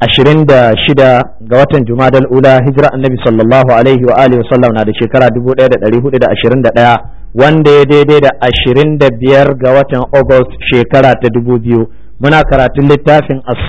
ashirin da shida ga watan Jumadal Ula hijira annabi sallallahu alaihi wa alihi wasallam na da shekara dubu ɗaya da ɗari hudu da ashirin da ɗaya wanda ya daidai da ashirin da biyar ga watan August shekara ta dubu biyu muna karatun littafin as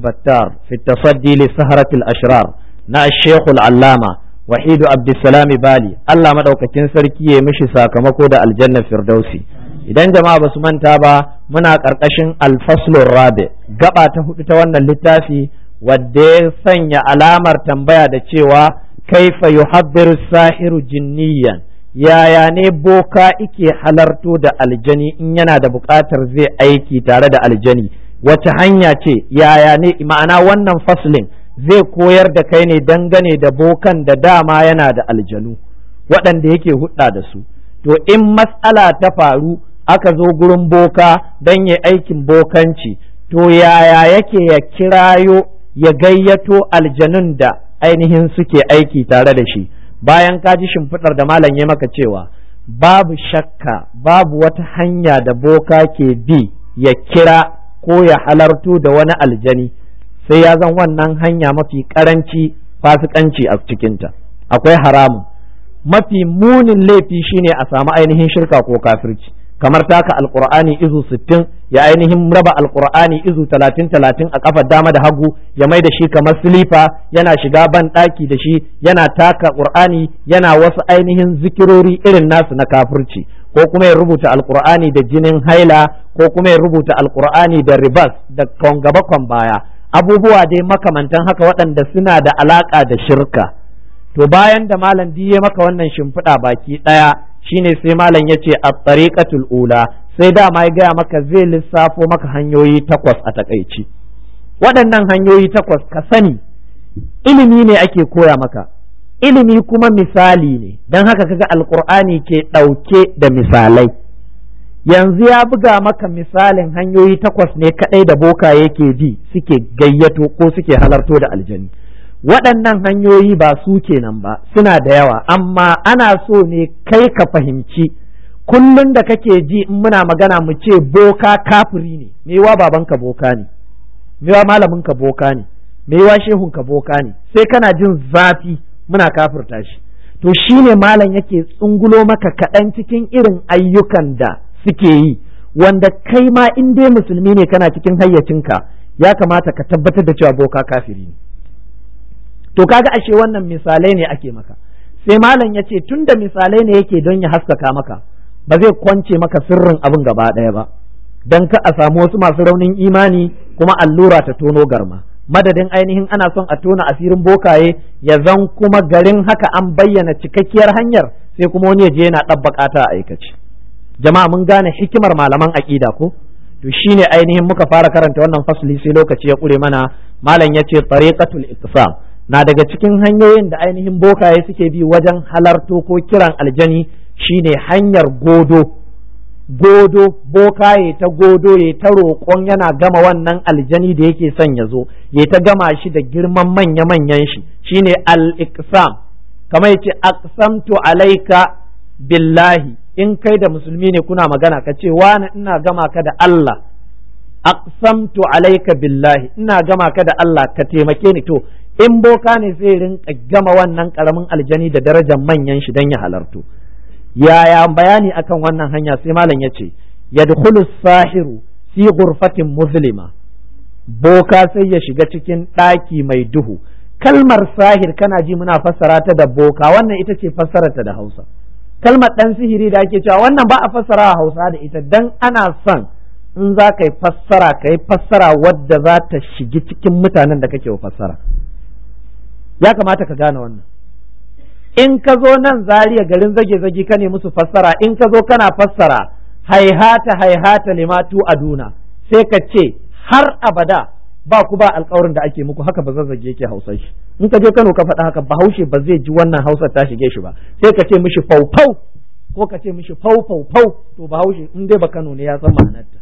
Battar fi tasaddi li saharatil ashrar na shekul Allama Wahidu Abdulsalami Bali Allah madaukakin sarki ya mishi sakamako da aljanna Firdausi idan jama'a basu manta ba muna ƙarƙashin alfaslun rabe gaba ta hudu ta wannan littafi wadda ya sanya alamar tambaya da cewa kaifa yuhabbiru sahiru jinniyan yaya ne boka ike halarto da aljani in yana da buƙatar zai aiki tare da aljani wace hanya ce yaya ne ma'ana wannan faslin zai koyar da kai ne dangane da bokan da dama yana da aljanu waɗanda yake hudda da su to in matsala ta faru aka zo gurin boka don ya aikin bokanci to yaya yake ya kirayo ya gayyato aljanun da ainihin suke aiki tare da shi bayan ka ji shimfiɗar da malam ya maka cewa babu shakka babu wata hanya da boka ke bi ya kira ko ya halartu da wani aljani sai ya zan wannan hanya mafi karanci fasikanci a cikinta akwai haramun mafi munin laifi shine a samu ainihin shirka ko kafirci kamar taka alqur'ani izu 60 ya ainihin raba alqur'ani izu 30 30 a kafar dama da hagu ya mai da shi kamar silifa yana shiga ban daki da shi yana taka qur'ani yana wasu ainihin zikirori irin nasu na kafirci ko kuma ya rubuta alqur'ani da jinin haila ko kuma ya rubuta alqur'ani da ribas da kon gaba kon baya abubuwa dai makamantan haka waɗanda suna da alaka da shirka to bayan da malam diye maka wannan shimfiɗa baki ɗaya shine sai malam yace a tariqatul ula sai dama ya gaya maka zai lissafo maka hanyoyi takwas a takaici waɗannan hanyoyi takwas ka sani ilimi ne ake koya maka ilimi kuma misali ne don haka kaga alkur'ani ke ɗauke da misalai yanzu ya buga maka misalin hanyoyi takwas ne kaɗai da boka yake bi suke gayyato ko suke halarto da aljani waɗannan hanyoyi ba su kenan ba suna da yawa amma ana so ne kai ka fahimci kullum da kake ji in muna magana mu ce boka kafiri ne mewa babanka boka ne mewa malaminka boka ne mewa shehunka boka ne sai kana jin zafi muna kafirta shi to shi ne malam yake tsungulo maka kaɗan cikin irin ayyukan da suke yi wanda kai ma in dai musulmi ne kana cikin hayyacinka ya kamata ka tabbatar da cewa boka kafiri ne to kaga ashe wannan misalai ne ake maka sai malam ya ce tunda misalai ne yake don ya haskaka maka ba zai kwance maka sirrin abin gaba ɗaya ba don ka a samu wasu masu raunin imani kuma allura ta tono garma madadin ainihin ana son a tona asirin bokaye ya zan kuma garin haka an bayyana cikakkiyar hanyar sai kuma wani ya je yana ɗabbaƙa ta a aikace jama'a mun gane hikimar malaman aƙida ko to shine ainihin muka fara karanta wannan fasli sai lokaci ya ƙure mana malam yace tariqatul iqsam na daga cikin hanyoyin da ainihin bokaye suke bi wajen halarto ko kiran aljani shine hanyar godo godo bokaye ta godo ya ta roƙon yana gama wannan aljani da yake son ya zo ya ta gama shi da girman manya-manyan shi shine al-iqsam kamar yace aqsamtu alaika billahi in kai da musulmi ne kuna magana ka ce wani ina gama ka da Allah aqsamtu alayka billahi ina gama ka da Allah ka taimake ni to in boka ne zai rinka gama wannan karamin aljani da darajar manyan shi dan ya halartu yaya bayani akan wannan hanya sai malam yace yadkhulu sahiru fi ghurfatin muslima boka sai ya shiga cikin ɗaki mai duhu kalmar sahir kana ji muna fassara ta da boka wannan ita ce fassara da Hausa kalmar dan sihiri da ake cewa wannan ba a fassara a Hausa da ita dan ana son in za ka yi fassara ka yi fassara wadda za ta shigi cikin mutanen da kake fassara ya kamata ka gane wannan in ka zo nan zariya garin zage-zage ka ne musu fassara in ka zo kana fassara haihata haihata limatu aduna sai ka ce har abada ba ku ba alkawarin da ake muku haka ba zazzage yake hausa shi in ka je Kano ka faɗa haka bahaushe ba zai ji wannan Hausar ta shige shi ba sai ka ce mishi faufau ko ka ce mishi fau fau fau to bahaushe in dai ba Kano ne ya san ma'anarta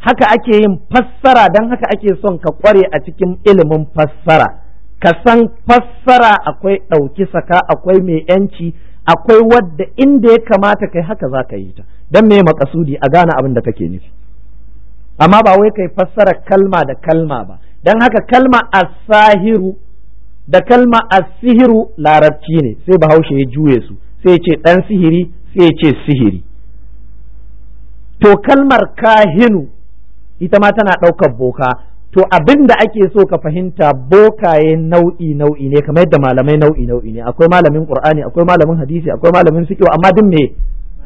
haka ake yin fassara don haka ake son ka kware a cikin ilimin fassara ka san fassara akwai ɗauki saka akwai mai yanci akwai wadda inda ya kamata kai haka za ka yi ta don me makasudi a gane abin da kake nufi amma ba wai kai fassara kalma da kalma ba don haka kalma sahiru da kalma a sihiru larabci ne sai bahaushe ya juye su sai ce ɗan sihiri sai ce sihiri to kalmar kahinu ita ma tana ɗaukar boka to abin da ake so ka fahimta bokaye nau'i nau'i ne kamar yadda malamai nau'i nau'i ne akwai malamin qur'ani akwai malamin hadisi akwai malamin fiqh amma duk me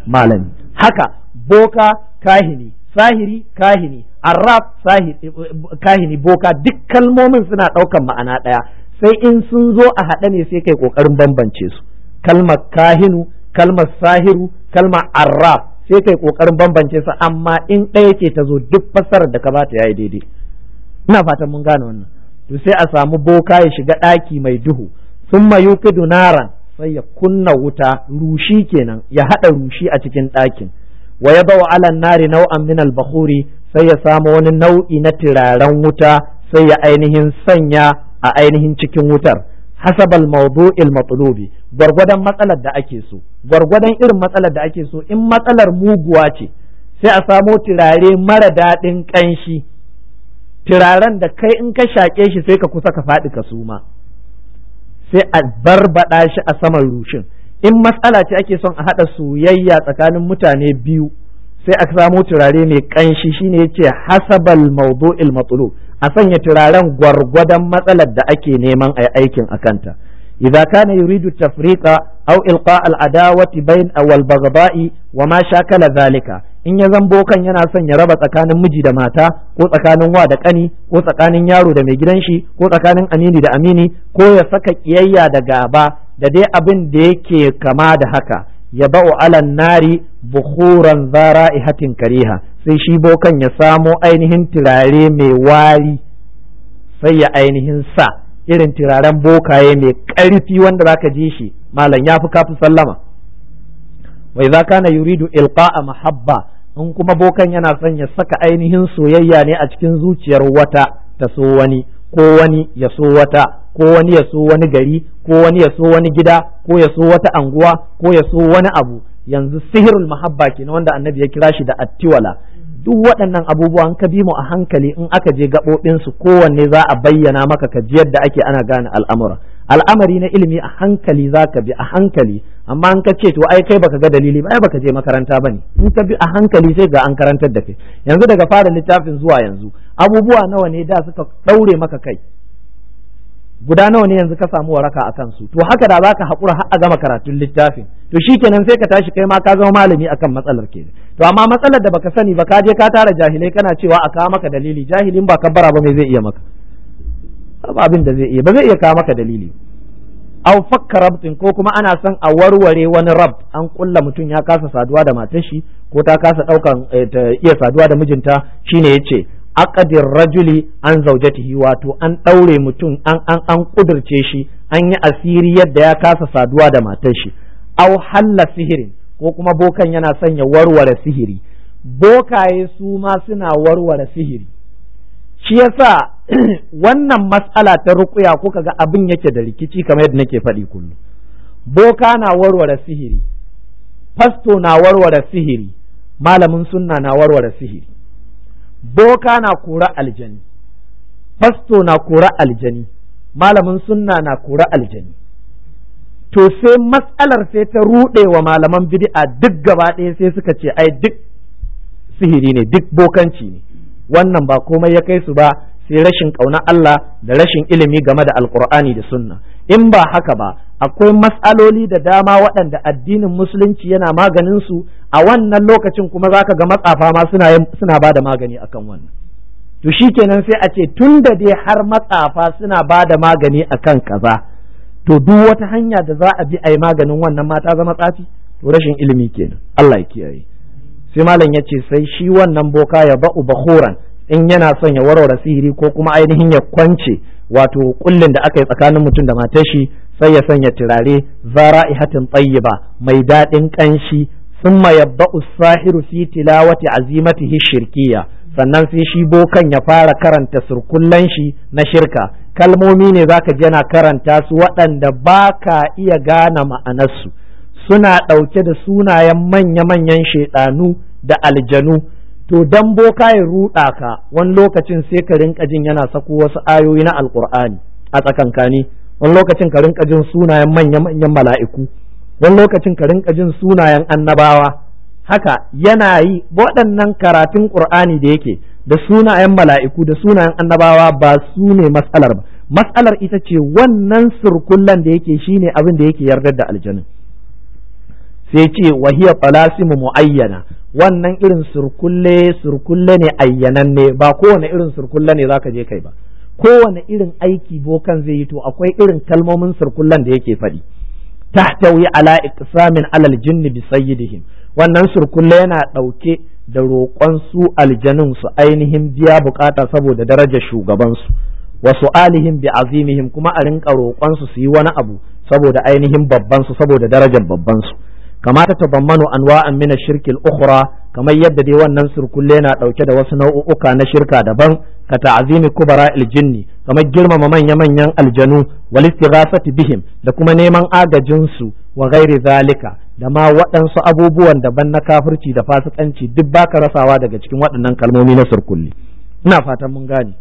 malami haka boka kahini sahiri kahini arraf eh, eh, kahini boka duk kalmomin suna ɗaukan ma'ana ɗaya sai in sun zo a haɗe ne sai kai ƙoƙarin bambance su kalmar kahinu kalmar sahiru kalmar arraf sai kai kokarin bambance sa amma in ɗaya ke ta zo duk fassarar da ka ba ta yayi daidai ina fatan mun gane wannan to sai a samu boka ya shiga ɗaki mai duhu summa yuqidu naran sai ya kunna wuta rushi kenan ya haɗa rushi a cikin ɗakin wa ya bawa alan nari nau'an min al sai ya samu wani nau'i na turaren wuta sai ya ainihin sanya a ainihin cikin wutar hasabal mawdu'il matlubi gwargwadon matsalar da ake so gwargwadon irin matsalar da ake so in matsalar muguwa ce sai a samo turare mara daɗin ƙanshi turaren da kai in ka shaƙe shi sai ka kusa ka faɗi ka suma sai a barbaɗa shi a saman rushin in matsala ce ake son a haɗa soyayya tsakanin mutane biyu sai a samo turare mai ƙanshi shine yace hasabal mawdu'il matlub a sanya turaren gwargwadon matsalar da ake neman a aikin a kanta idza kana yuridu tafriqa aw ilqa al adawati bain awal baghdai wa ma shakala zalika in ya zambo kan yana son ya raba tsakanin miji da mata ko tsakanin wa da ƙani ko tsakanin yaro da mai gidan shi ko tsakanin amini da amini ko ya saka kiyayya da gaba da dai abin da yake kama da haka ya ba'u alan nari bukhuran zara'ihatin kariha sai shi bokan ya samo ainihin tirare mai wari sai ya ainihin sa irin turaren bokaye mai ƙarfi wanda zaka ji shi malam ya fi kafin sallama wai za kana yuridu a mahabba in kuma bokan yana son ya saka ainihin soyayya ne a cikin zuciyar wata ta so wani ko wani ya so wata ko wani ya so wani gari ko wani ya so wani gida ko ya so wata anguwa ko ya so wani abu yanzu sihirul mahabba na wanda annabi ya kira shi da attiwala duk waɗannan abubuwan ka bi mu a hankali in aka je gaɓoɓinsu kowanne za a bayyana maka ka ji yadda ake ana gane al'amura al'amari na ilimi a hankali za ka bi a hankali amma an ka ce to ai kai baka ga dalili ba ai baka je makaranta bane in ka bi a hankali sai ga an karantar da kai yanzu daga fara littafin zuwa yanzu abubuwa nawa ne da suka ɗaure maka kai guda nawa ne yanzu ka samu waraka a kansu to haka da zaka haƙura har a gama karatun littafin to shikenan sai ka tashi kai ma ka zama malami akan matsalar ke to amma matsalar da baka sani ba ka je ka tara jahilai kana cewa a kawo maka dalili jahilin ba kabbara ba me zai iya maka ba abin da zai iya ba zai iya kawo maka dalili aw fakka rabtin ko kuma ana son a warware wani rab an kulla mutum ya kasa saduwa da matar shi ko ta kasa daukan eh, iya saduwa da mijinta shine yace aqdir rajuli an zaujatihi wato an daure mutum an an an kudirce shi an yi asiri yadda ya kasa saduwa da matar shi aw halla sihirin ko kuma bokan yana sanya warware sihiri bokaye su ma suna warware sihiri shi yasa wannan mas'ala ta ruqya ko kaga abin yake da rikici kamar yadda nake faɗi kullum boka na warware sihiri fasto na warware sihiri malamin sunna na warware sihiri boka na kora aljani fasto na kora aljani malamin sunna na kora aljani to sai matsalar sai ta ruɗe wa malaman bid'a duk gaba ɗaya sai suka ce ai duk sihiri ne duk bokanci ne wannan ba komai ya kai su ba sai rashin ƙaunar Allah da rashin ilimi game da alkur'ani da sunna in ba haka ba akwai matsaloli da dama waɗanda addinin musulunci yana maganin su a wannan lokacin kuma za ka ga matsafa ma suna ba da magani akan wannan to shikenan sai a ce tun da dai har matsafa suna ba da magani akan kaza to duk wata hanya da za a bi a yi maganin wannan mata zama tsafi to rashin ilimi kenan Allah ya kiyaye sai malam ya ce sai shi wannan boka ya ba'u bahoran in yana son ya warware sihiri ko kuma ainihin ya kwance wato kullin da aka yi tsakanin mutum da matar shi sai ya sanya turare zara'ihatin tayyiba mai daɗin ƙanshi sun ma yabba usahiru fi tilawati azimatihi shirkiya sannan sai shi bokan ya fara karanta surkullan shi na shirka kalmomi ne zaka ji yana karanta su waɗanda ba ka iya gane ma'anarsu suna ɗauke da sunayen manya-manyan shaiɗanu da aljanu to dan boka ya ruɗa ka wani lokacin sai ka rinka jin yana sako wasu ayoyi na Alƙur'ani a tsakankani wani lokacin ka rinka jin sunayen manyan mala'iku wani lokacin ka rinka jin sunayen annabawa haka yana yi waɗannan karatun ƙur'ani da yake da sunayen mala'iku da sunayen annabawa ba su ne matsalar ba matsalar ita ce wannan surkullan da yake shine abin da yake yardar da aljanu sai ce wahiya falasimu muayyana wannan irin surkulle surkulle ne ayyananne ba kowane irin surkulle ne zaka je kai ba kowane irin aiki bokan zai yi to akwai irin kalmomin surkullan da yake faɗi tahtawi ala iqsamin alal jinni bi sayyidihim wannan surkulle yana ɗauke da roƙon su aljanun su ainihin biya bukata saboda darajar shugabansu wa su'alihim bi azimihim kuma a rinka roƙon su su yi wani abu saboda ainihin babban su saboda darajar babban su kama ta tabammanu anwa'an min ash-shirki al-ukhra kamar yadda dai wannan surkulle yana ɗauke da wasu nau'uka na shirka daban ka ta'zimi kubara aljinni kamar girmama manya manyan aljanu wal istighafati bihim da kuma neman agajin su wa ghairi zalika da ma waɗansu abubuwan daban na kafirci da fasikanci duk baka rasawa daga cikin waɗannan kalmomi na surkulli ina fatan mun gane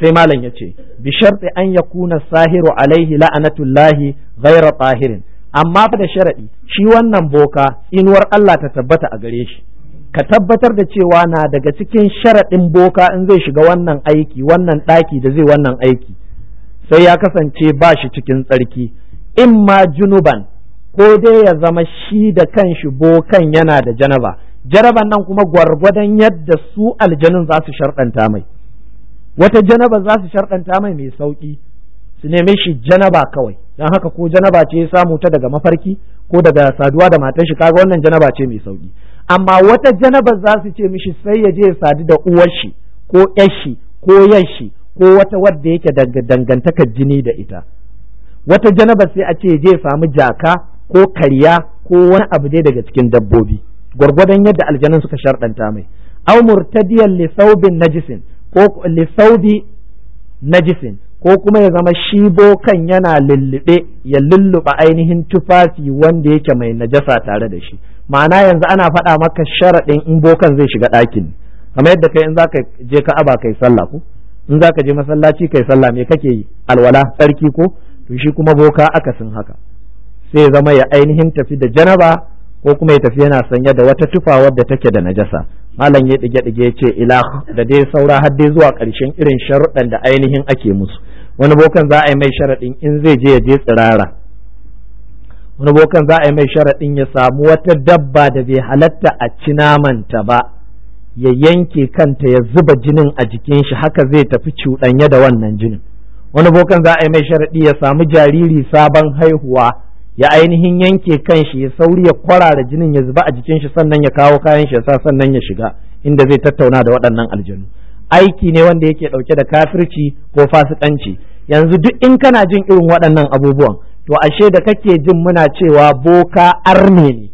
sai malam ya ce bi sharti an yakuna sahiru alaihi la'anatullahi ghaira tahirin amma fa da sharadi shi wannan boka inuwar Allah ta tabbata a gare shi ka tabbatar da cewa na daga cikin sharaɗin boka in zai shiga wannan aiki wannan ɗaki da zai wannan aiki sai ya kasance ba shi cikin tsarki in ma junuban ko dai ya zama shi da kan shi bokan yana da janaba jaraban nan kuma gwargwadon yadda su aljanun za su sharɗanta mai wata janaba za su sharɗanta mai mai sauƙi su neme shi janaba kawai don haka ko janaba ce ya samu ta daga mafarki ko daga saduwa da matan shi kaga wannan janaba ce mai sauƙi amma wata janabar za su ce mishi sai ya je ya sadu da uwar shi ko yashi ko yashi ko wata wadda yake dangantaka jini da ita wata janabar sai a ce je samu jaka ko karya ko wani abu dai daga cikin dabbobi gwargwadon yadda aljanun suka sharɗanta mai au murtadiyan li najisin ko li najisin ko kuma ya zama shibo kan yana lullube ya lulluɓa ainihin tufafi wanda yake mai najasa tare da shi ma'ana yanzu ana faɗa maka sharaɗin in bokan zai shiga ɗakin kamar yadda kai in za ka je ka'aba kai sallah ko in za ka je masallaci kai sallah me kake yi alwala tsarki ko to shi kuma boka aka akasin haka sai ya zama ya ainihin tafi da janaba ko kuma ya tafi yana sanye da wata tufa wadda take da najasa malam ya dige dige ya ce ila da dai saura har dai zuwa ƙarshen irin sharuɗan da ainihin ake musu wani bokan za a yi mai sharaɗin in zai je ya je tsirara wani bokan za a yi mai sharaɗin ya samu wata dabba da bai halatta a ci namanta ba ya yanke kanta ya zuba jinin a jikin shi haka zai tafi cuɗanya da wannan jinin wani bokan za a yi mai sharaɗi ya samu jariri sabon haihuwa ya ainihin yanke kan shi ya sauri ya kwarara jinin ya zuba a jikin shi sannan ya kawo kayan shi ya sa sannan ya shiga inda zai tattauna da waɗannan aljanu aiki ne wanda yake ɗauke da kafirci ko fasikanci yanzu duk in kana jin irin waɗannan abubuwan to ashe da kake jin muna cewa boka arne ne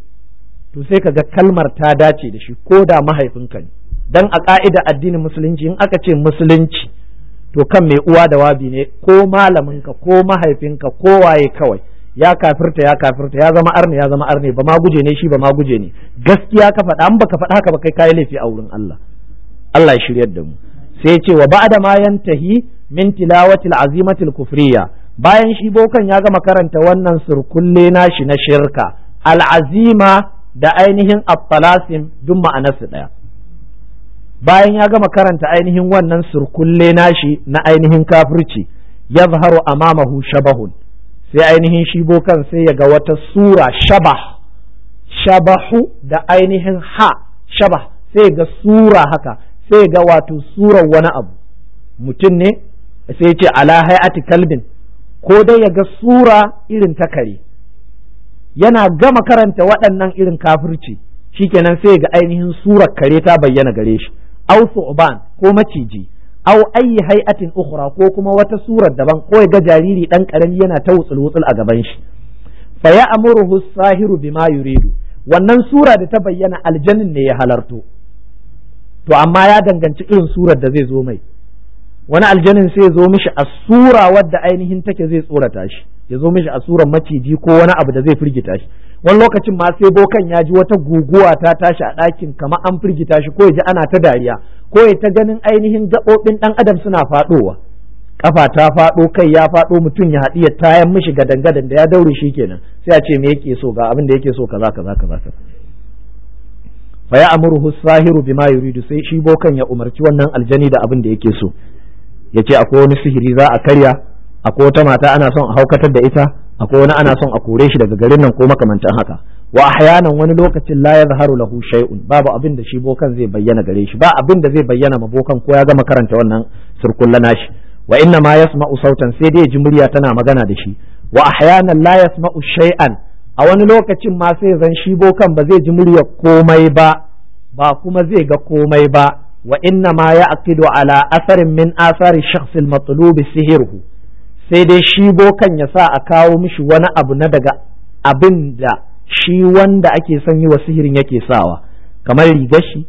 to sai kaga kalmar ta dace da shi ko da mahaifinka ne dan a ka'ida addinin musulunci in aka ce musulunci to kan mai uwa da wabi ne ko malaminka ko mahaifinka ko waye kawai ya kafirta ya kafirta ya zama arne ya zama arne ba ma guje ne shi ba ma guje ne gaskiya ka faɗa an baka faɗa haka ba kai kai laifi a wurin Allah Allah ya shiryar da mu sai ya ce wa ba'da ma yantahi min tilawatil azimatil kufriya bayan shi bokan ya gama karanta wannan surkulle nashi na shirka al'azima da ainihin abbalasim duk ma'anarsu ɗaya bayan ya gama karanta ainihin wannan surkulle nashi na ainihin kafirci ya a mamahu shabahun sai ainihin shi bokan sai ya ga wata sura shabah shabahu da ainihin ha shabah sai ga sura haka sai ga wato surar wani abu mutum ne sai ce ala hai'ati kalbin ko dai ya ga sura irin ta kare yana gama karanta waɗannan irin kafirci shikenan sai ga ainihin surar kare ta bayyana gare shi au su'ban ko maciji au ayi hay'atin ukhra ko kuma wata surar daban ko ya ga jariri dan karami yana ta wutsul wutsul a gaban shi fa ya'muruhu sahiru bima yuridu wannan sura da ta bayyana aljannin ne ya halarto to amma ya danganci irin surar da zai zo mai wani aljanin sai ya zo mishi a sura wadda ainihin take zai tsorata shi ya zo mishi a suran maciji ko wani abu da zai firgita shi wani lokacin ma sai bokan ya ji wata guguwa ta tashi a ɗakin kama an firgita shi ko ya ji ana ta dariya ko ya ta ganin ainihin gaɓoɓin ɗan adam suna faɗowa kafa ta faɗo kai ya faɗo mutum ya haɗi ya tayan mishi gadan gadan da ya daure shi kenan sai a ce me yake so ga abin da yake so kaza kaza kaza kaza fa ya amuru sahiru bima yuridu sai shi bokan ya umarci wannan aljani da abin da yake so ya ce akwai wani sihiri za a karya akwai wata mata ana son a haukatar da ita akwai wani ana son a kore shi daga garin nan ko makamancin haka wa ahyanan wani lokacin la yazharu lahu shay'un babu abin da shi bokan zai bayyana gare shi ba abin da zai bayyana ma bokan ko ya gama karanta wannan surkulla nashi wa inna ma yasma'u sautan sai dai ji tana magana da shi wa ahyanan la yasma'u shay'an a wani lokacin ma sai zan shi bokan ba zai ji murya komai ba ba kuma zai ga komai ba wa inna ma ya'qidu ala asarin min asari shakhs al-matlub sai dai shi bokan ya sa a kawo mishi wani abu na daga abin da shi wanda ake son yi wa sihirin yake sawa kamar rigashi shi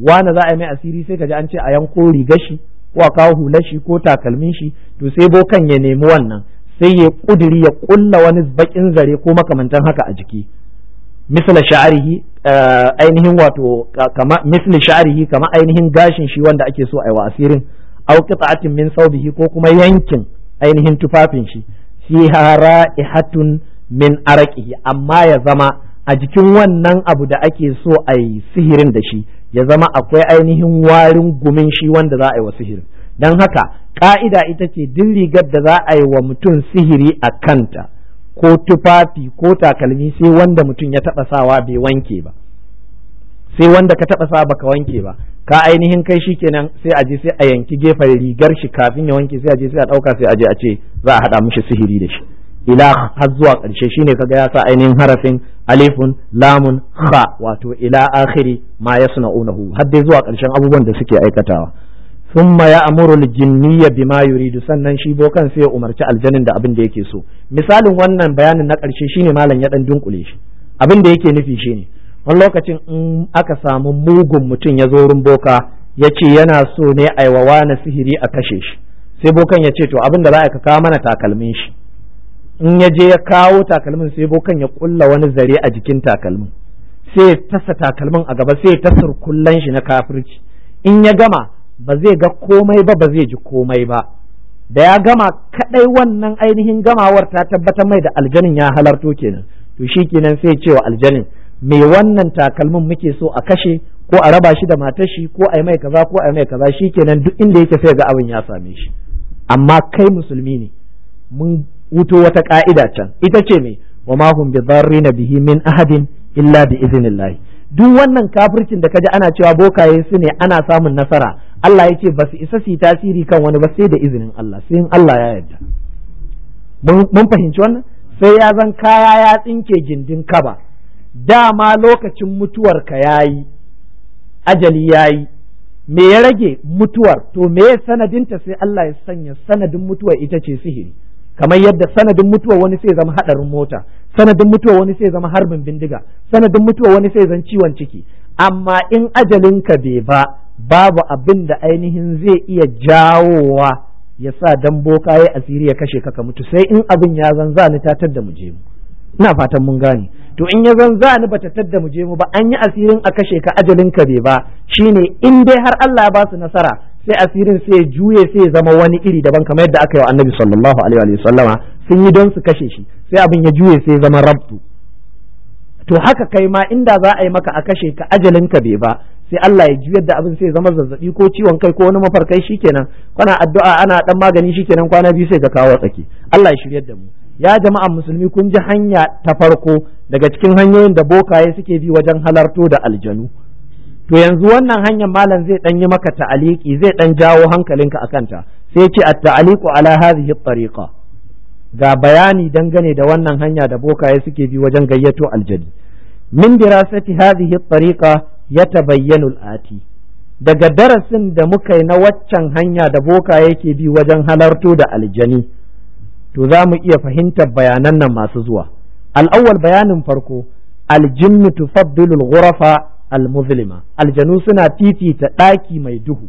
wani za a yi mai asiri sai kaji an ce a yanko rigar shi ko a kawo hular shi ko takalmin shi to sai bokan ya nemi wannan sai ya ƙudiri ya kulla wani bakin zare ko makamantan haka a jiki misala sha'arihi ainihin wato kama misli sha'rihi kama ainihin gashin shi wanda ake so a wa asirin aw qita'atin min saubihi ko kuma yankin ainihin tufafin shi fiha ra'ihatun min araqihi amma ya zama a jikin wannan abu da ake so a yi sihirin da shi ya zama akwai ainihin warin gumin shi wanda za a yi wa sihirin don haka ka'ida ita ce duk rigar da za a yi wa mutum sihiri a kanta ko tufafi ko takalmi sai wanda mutum ya taɓa sawa bai wanke ba sai wanda ka taɓa sawa baka wanke ba ka ainihin kai shi kenan sai a je sai a yanki gefen rigar shi kafin ya wanke sai a je sai a ɗauka sai a je a ce za a haɗa mishi sihiri da shi ila har zuwa ƙarshe shine kaga ya sa ainihin harafin alifun lamun kha wato ila akhiri ma yasna'unahu har dai zuwa ƙarshen abubuwan da suke aikatawa summa ya amuru jinniya ya bima yuridu sannan shi bokan sai ya umarci aljanin da abin da yake so misalin wannan bayanin na ƙarshe shine malam ya dan dunkule shi abin da yake nufi shine wani lokacin in aka samu mugun mutum ya zo wurin boka ya ce yana so ne a aiwawa na sihiri a kashe shi sai bokan ya ce to abin da za a kawo mana takalmin shi in ya je ya kawo takalmin sai bokan ya kulla wani zare a jikin takalmin sai ya tasa takalmin a gaba sai ya tasar kullan shi na kafirci in ya gama ba zai ga komai ba ba zai ji komai ba da ya gama kadai wannan ainihin gamawar ta tabbatar mai da aljanin ya halarto kenan to shi kenan sai cewa aljanin me wannan takalmin muke so a kashe ko a raba shi da matar shi ko a yi mai kaza ko a yi mai kaza shi kenan duk inda yake sai ga abin ya same shi amma kai musulmi ne mun wuto wata ka'ida can ita ce me wa ma hum bidarrina bihi min ahadin illa bi idhnillah duk wannan kafircin da kaji ana cewa bokaye su ne ana samun nasara Allah ya ce ba su isa su yi tasiri kan wani ba sai da izinin Allah sai in Allah ya yarda mun fahimci wannan sai ya zan kaya ya tsinke gindin kaba dama lokacin mutuwar ka yayi ajali yayi me ya rage mutuwar to me ya sanadinta sai Allah ya sanya sanadin mutuwar ita ce sihiri kamar yadda sanadin mutuwar wani sai zama hadarin mota sanadin mutuwar wani sai zama harbin bindiga sanadin mutuwar wani sai zama ciwon ciki amma in ajalinka bai ba babu abin da ainihin zai iya jawowa ya sa dan boka ya asiri ya kashe ka. Ka mutu sai in abin ya zanza ni tatar da mu mu ina fatan mun gane to in ya zanza ni ni bata tadda mu je mu ba an yi asirin a kashe ka ajalin ka bai ba shine in dai har Allah ba su nasara sai asirin sai juye sai zama wani iri daban kamar yadda aka yi wa Annabi sallallahu alaihi wa sallama sun yi don su kashe shi sai abin ya juye sai zama rabtu to haka kai ma inda za a yi maka a kashe ka ajalin ka bai ba sai Allah ya juyar da abin sai zama zazzabi ko ciwon kai ko wani mafarkai shikenan kana addu'a ana dan magani shi kenan kwana biyu sai ka kawo tsaki Allah ya shiryar da mu ya jama'a musulmi kun ji hanya ta farko daga cikin hanyoyin da bokaye suke bi wajen halarto da aljanu to yanzu wannan hanyar malam zai dan yi maka ta'aliki zai dan jawo hankalinka akan ta sai ce at-ta'aliqu ala hadhihi at-tariqa ga bayani dangane da wannan hanya da bokaye suke bi wajen gayyato aljanu min dirasati hadhihi at-tariqa ya tabayyanu ati daga darasin da muka yi na waccan hanya da boka yake bi wajen halarto da aljani to za mu iya fahimtar bayanan nan masu zuwa al'awwal bayanin farko aljinnu tufaddilu al-ghurafa al-muzlima aljanu suna fifita daki mai duhu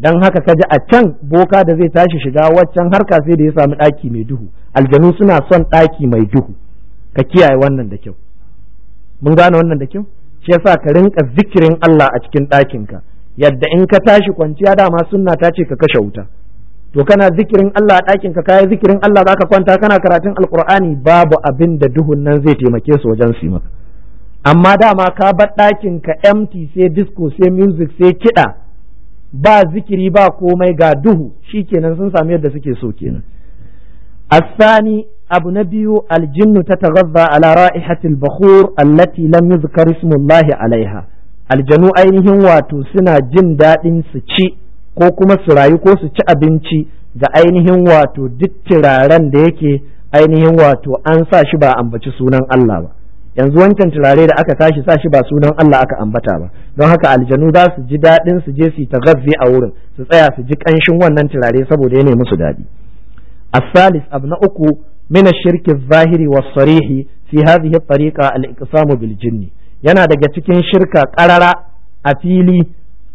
dan haka kaji a can boka da zai tashi shiga waccan harka sai da ya sami daki mai duhu aljanu suna son daki mai duhu ka kiyaye wannan da kyau mun gane wannan da kyau shi yasa ka rinka zikirin Allah a cikin ɗakinka yadda in ka tashi kwanciya dama sunna ta ce ka kashe wuta to kana zikirin Allah a ɗakinka kayi zikirin Allah zaka kwanta kana karatun alkur'ani babu abin da duhun nan zai taimake su wajen su maka amma dama ka bar ɗakinka empty sai disco sai music sai kiɗa ba zikiri ba komai ga duhu shikenan sun sami yadda suke so kenan asani abu na biyu aljinnu ta tagazza ala ra'ihatil bakhur allati lam yuzkar ismullahi alaiha aljanu ainihin wato suna jin daɗin su ci ko kuma su rayu ko su ci abinci da ainihin wato duk turaren da yake ainihin wato an sa shi ba ambaci sunan Allah ba yanzu wancan turare da aka tashi sa shi ba sunan Allah aka ambata ba don haka aljanu za su ji daɗin su je su ta a wurin su tsaya su ji ƙanshin wannan turare saboda ya ne musu daɗi asalis abu na uku Mina ash zahiri adh-dhahiri was-sarih fi hadhihi at-tariqa jinni yana daga cikin shirka ƙarara a fili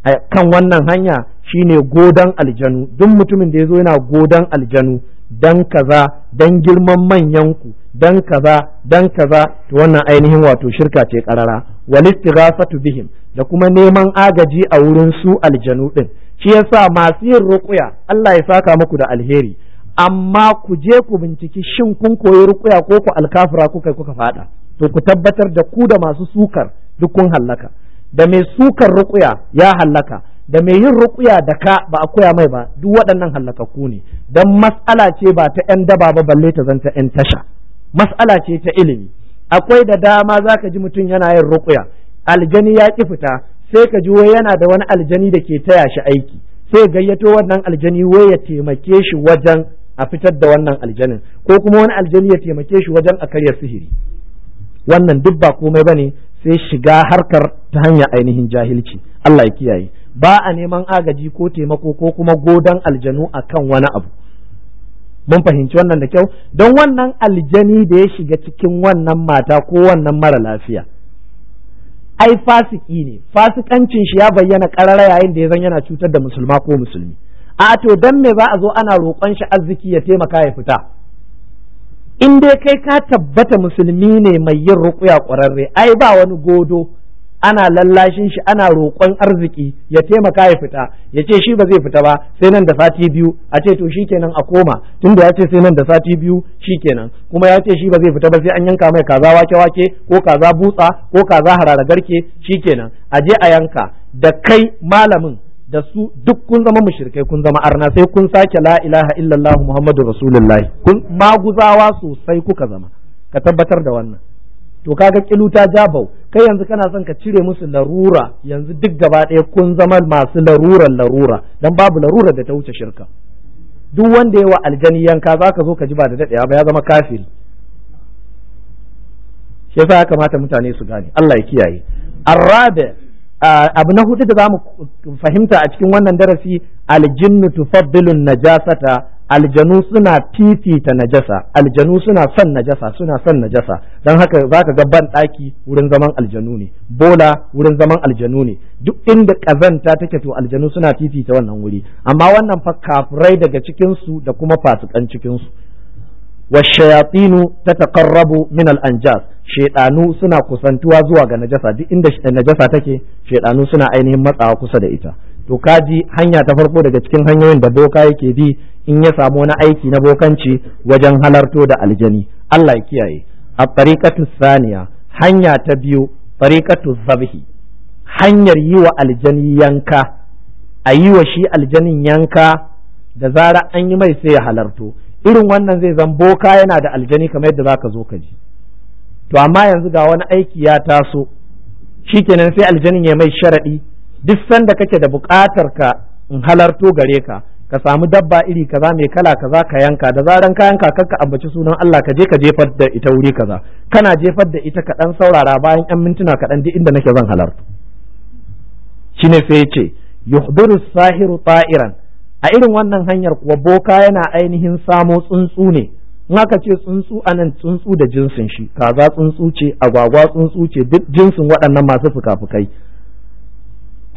kan wannan hanya shine godan aljanu duk mutumin da ya zo yana godan aljanu dan kaza dan girman manyan ku dan kaza dan kaza to wannan ainihin wato shirka ce karara wal istighasatu bihim da kuma neman agaji a wurin su aljanu din shi yasa masu yin ruqya Allah ya saka muku da alheri amma ku je ku binciki shin kun koyi rukuya ko ku alkafura kuka kuka fada to ku tabbatar da ku da masu sukar duk kun hallaka da mai sukar rukuya ya hallaka da mai yin rukuya da ka ba a koya mai ba duk waɗannan hallakakku ne dan mas'ala ce ba ta 'yan daba ba balle ta zanta 'yan tasha mas'ala ce ta ilimi akwai da dama zaka ji mutum yana yin rukuya aljani ya ƙi fita sai ka ji wai yana da wani aljani da ke taya shi aiki sai gayyato wannan aljani wai ya taimake shi wajen a fitar da wannan aljanin ko kuma wani aljani ya taimake shi wajen a karya sihiri wannan duk ba komai bane sai shiga harkar ta hanyar ainihin jahilci Allah ya kiyaye ba a neman agaji ko taimako ko kuma godan aljanu a kan wani abu mun fahimci wannan da kyau don wannan aljani da ya shiga cikin wannan mata ko wannan mara lafiya ai fasiki ne fasikancin shi ya bayyana karara yayin da ya zan yana cutar da musulma ko musulmi a to dan me ba a zo ana roƙon shi arziki ya taimaka ya fita in dai kai ka tabbata musulmi ne mai yin ruƙuya ƙwararre ai ba wani godo ana lallashin shi ana roƙon arziki ya taimaka ya fita ya ce shi ba zai fita ba sai nan da sati biyu a ce to shikenan a koma tunda ya ce sai nan da sati biyu shikenan kuma ya ce shi ba zai fita ba sai an yanka mai kaza wake wake ko kaza butsa ko kaza harara garke shikenan a je a yanka da kai malamin da su duk kun zama mushrikai kun zama arna sai kun sake la ilaha illallah muhammadu rasulullahi kun maguzawa sosai kuka zama ka tabbatar da wannan to kaga kiluta jabau kai yanzu kana son ka cire musu larura yanzu duk gaba ɗaya kun zama masu larurar larura dan babu larura da ta wuce shirka duk wanda yawa aljani yanka za ka zo ka ji ba da daɗewa ba ya zama kafiri shi yasa ya kamata mutane su gane Allah ya kiyaye arrabe abu na hudu da za mu fahimta a cikin wannan darasi aljinnu tufaddilun najasata aljanu suna titi fifita najasa aljanu suna son najasa suna son najasa don haka zaka ga banɗaki, ɗaki wurin zaman aljanu ne bola wurin zaman aljanu ne duk inda ƙazanta take to aljanu suna titi ta wannan wuri amma wannan fa kafirai daga cikinsu da kuma fasikan cikinsu. washayatinu ta min al-anjas shedanu suna kusantuwa zuwa ga najasa duk inda najasa take shedanu suna ainihin matsawa kusa da ita to kaji hanya ta farko daga cikin hanyoyin da boka yake bi in ya samu na aiki na bokanci wajen halarto da aljani Allah ya kiyaye a tariqatu saniya hanya ta biyu tariqatu zabhi hanyar yi wa aljani yanka a yi wa shi aljanin yanka da zara an yi mai sai ya halarto irin wannan zai zan boka yana da aljani kamar yadda zaka zo ka ji to amma yanzu ga wani aiki ya taso kenan sai aljanin ya mai sharaɗi duk sanda kake da buƙatar ka in halarto gare ka ka samu dabba iri kaza mai kala kaza ka yanka da zaran ka yanka ka ambaci sunan Allah ka je ka jefar da ita wuri kaza kana jefar da ita kaɗan saurara bayan yan mintuna kaɗan duk inda nake zan halarto. shine sai ya ce yuhdiru sahiru ta'iran a irin wannan hanyar kuwa boka yana ainihin samo tsuntsu ne in aka ce tsuntsu anan tsuntsu da jinsin shi kaza tsuntsu ce agwagwa tsuntsu ce duk jinsin waɗannan masu fukafukai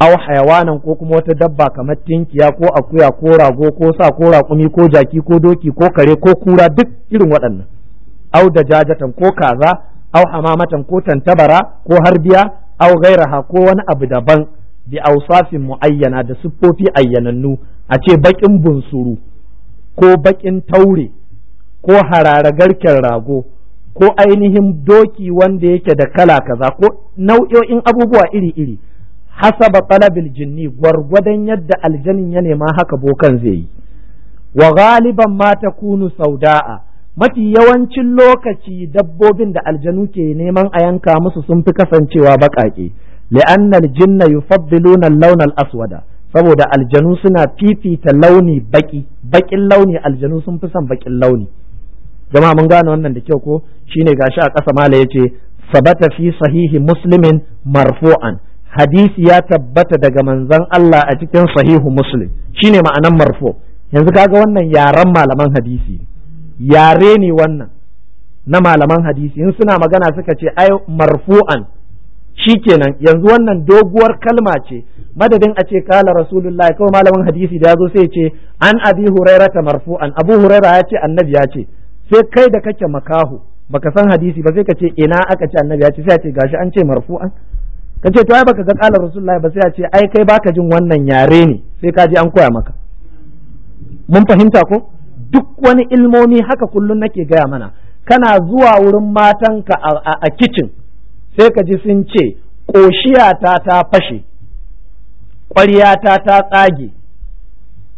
Au aw hayawanan ko kuma wata dabba kamar tinkiya ko akuya ko rago ko sa ko raƙumi ko jaki ko doki ko kare ko kura duk irin waɗannan aw da jajatan ko kaza aw hamamatan ko tantabara ko harbiya aw gairaha ko wani abu daban bi ausafin muayyana da siffofi ayyanannu a ce baƙin bunsuru ko baƙin taure ko harara garken rago ko ainihin doki wanda yake da kala kaza ko nau'o'in abubuwa iri-iri hasaba talabil jinni gwargwadon yadda aljanin ya nema haka bokan zai yi wa galiban ma kunu sauda'a mafi yawancin lokaci dabbobin da aljanu ke neman a yanka musu sun fi kasancewa baƙaƙe li'annal jinna yufaddiluna launal aswada saboda aljanu suna fifita launi baki bakin launi aljanu sun fi son bakin launi jama'a mun gane wannan da kyau ko shine gashi a ƙasa mala yace sabata fi sahihi muslimin marfu'an hadisi ya tabbata daga manzon Allah a cikin sahihu muslim shine ma'anan marfu yanzu kaga wannan yaren malaman hadisi yare ne wannan na malaman hadisi in suna magana suka ce ai marfu'an Shi shikenan yanzu wannan doguwar kalma ce madadin a ce kala rasulullahi kawai malamin hadisi da yazo sai ce an abi hurairata marfu'an abu huraira ya ce annabi ya ce sai kai da kake makahu baka san hadisi ba sai ka ce ina aka ce annabi ya ce sai a ce gashi an ce marfu'an ka ce to ai baka ga kala rasulullahi ba sai a ce ai kai baka jin wannan yare ne sai ka ji an koya maka mun fahimta ko duk wani ilmomi haka kullum nake gaya mana kana zuwa wurin matanka a kitchen sai ka ji sun ce ƙoshiyata ta fashe ƙwaryata ta tsage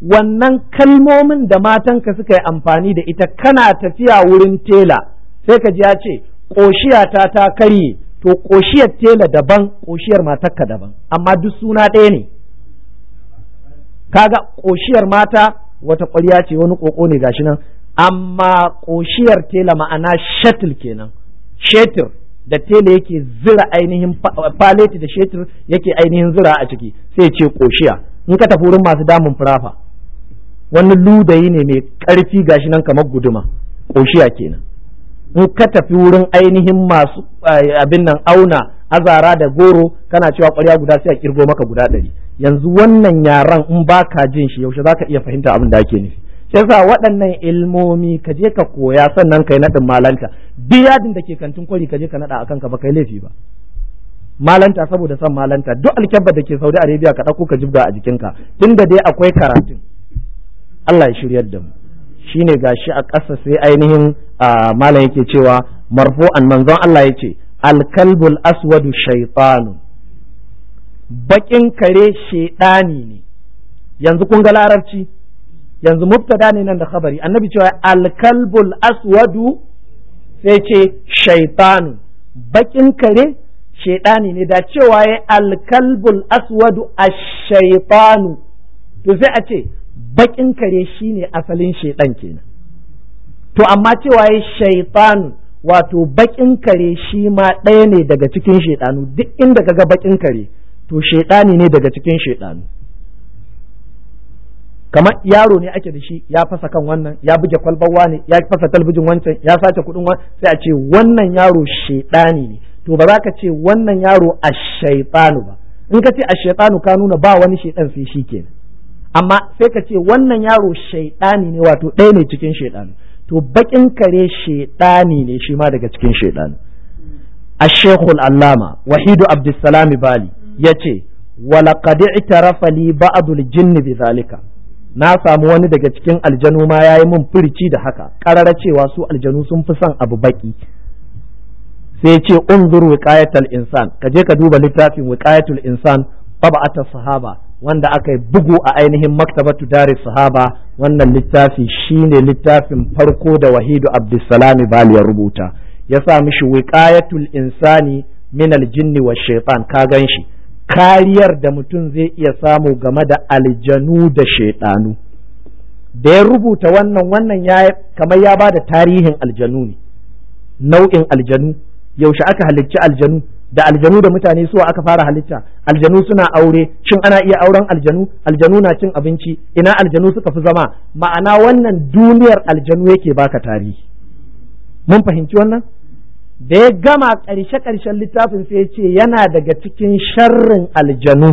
wannan kalmomin da matanka suka yi amfani da ita kana tafiya wurin tela sai ka ji ya ce ƙoshiyata ta karye to ƙoshiyar tela daban ƙoshiyar matarka daban amma duk suna ɗaya ne kaga ƙoshiyar mata wata ƙwarya ce wani ƙoƙo ne gashi nan amma ƙoshiyar tela ma'ana shetil kenan shetil. da tele yake zira ainihin paleti da shetir yake ainihin zira a ciki sai ce koshiya in ka tafi wurin masu damun firafa wani ludayi ne mai karfi gashi nan kamar guduma koshiya kenan in ka tafi wurin ainihin masu eh, abin nan auna azara da goro kana cewa ƙwarya guda sai a kirgo maka guda ɗari yanzu wannan yaran in ba ka jin shi yaushe za ka iya fahimta abin da ake nufi sa waɗannan ilmomi ka je ka koya sannan yi naɗin malanta duk yadin da ke kantin kwari ka je ka nada akan ka ba kai laifi ba malanta saboda son malanta duk alkyabbar da ke Saudi Arabia ka dauko ka jibga a jikinka tunda dai akwai karatun Allah ya shiryar da mu shine gashi a ƙasa sai ainihin malam yake cewa marfu'an manzon Allah yace alkalbul aswadu shaytanu bakin kare shedani ne yanzu kun ga larabci yanzu mubtada ne nan da khabari annabi cewa alkalbul aswadu sai ce shaitanu bakin kare shaitani ne da cewa ya alkalbul aswadu a shaitanu to sai a ce bakin kare shine asalin shaitan kenan to amma cewa ya shaitanu wato bakin kare shi ma ɗaya ne daga cikin shaitanu duk inda kaga bakin kare to shaitani ne daga cikin shaitanu kamar yaro ne ake da shi ya fasa kan wannan ya buge kwalbar wani ya fasa talbijin wancan ya sace kuɗin wani sai a ce wannan yaro shaiɗani ne to ba za ka ce wannan yaro a shaiɗanu ba in ka ce a shaiɗanu ka nuna ba wani shaitan sai shi ke amma sai ka ce wannan yaro shaiɗani ne wato ɗaya ne cikin shaiɗanu to baƙin kare shaiɗani ne shi ma daga cikin shaiɗanu a shekul allama wahidu abdulsalami bali ya ce walakadi itarafa li ba'adul jinni bi zalika na samu wani daga cikin aljanu ma ya yi min furici da haka karara cewa su aljanu sun fi son abu baƙi. sai ce unzur wiqayatul insan ka je ka duba littafin wiqayatul insan tabata sahaba wanda aka yi bugu a ainihin maktabatu dari sahaba wannan littafi shine littafin farko da wahidu abdussalami bali ya rubuta ya sa mishi wiqayatul insani min aljinni wa shaitan ka gan shi kariyar da mutum zai iya samu game da aljanu da shaiɗanu. da ya rubuta wannan wannan ya kamar ya ba da tarihin aljanu ne nau'in aljanu yaushe aka halicci aljanu da aljanu da mutane suwa aka fara halitta aljanu suna aure shin ana iya auren aljanu aljanu na cin abinci ina aljanu suka fi zama ma'ana wannan duniyar aljanu yake baka tarihi mun fahimci wannan da ya gama ƙarshe ƙarshen littafin sai ya ce yana daga cikin sharrin aljanu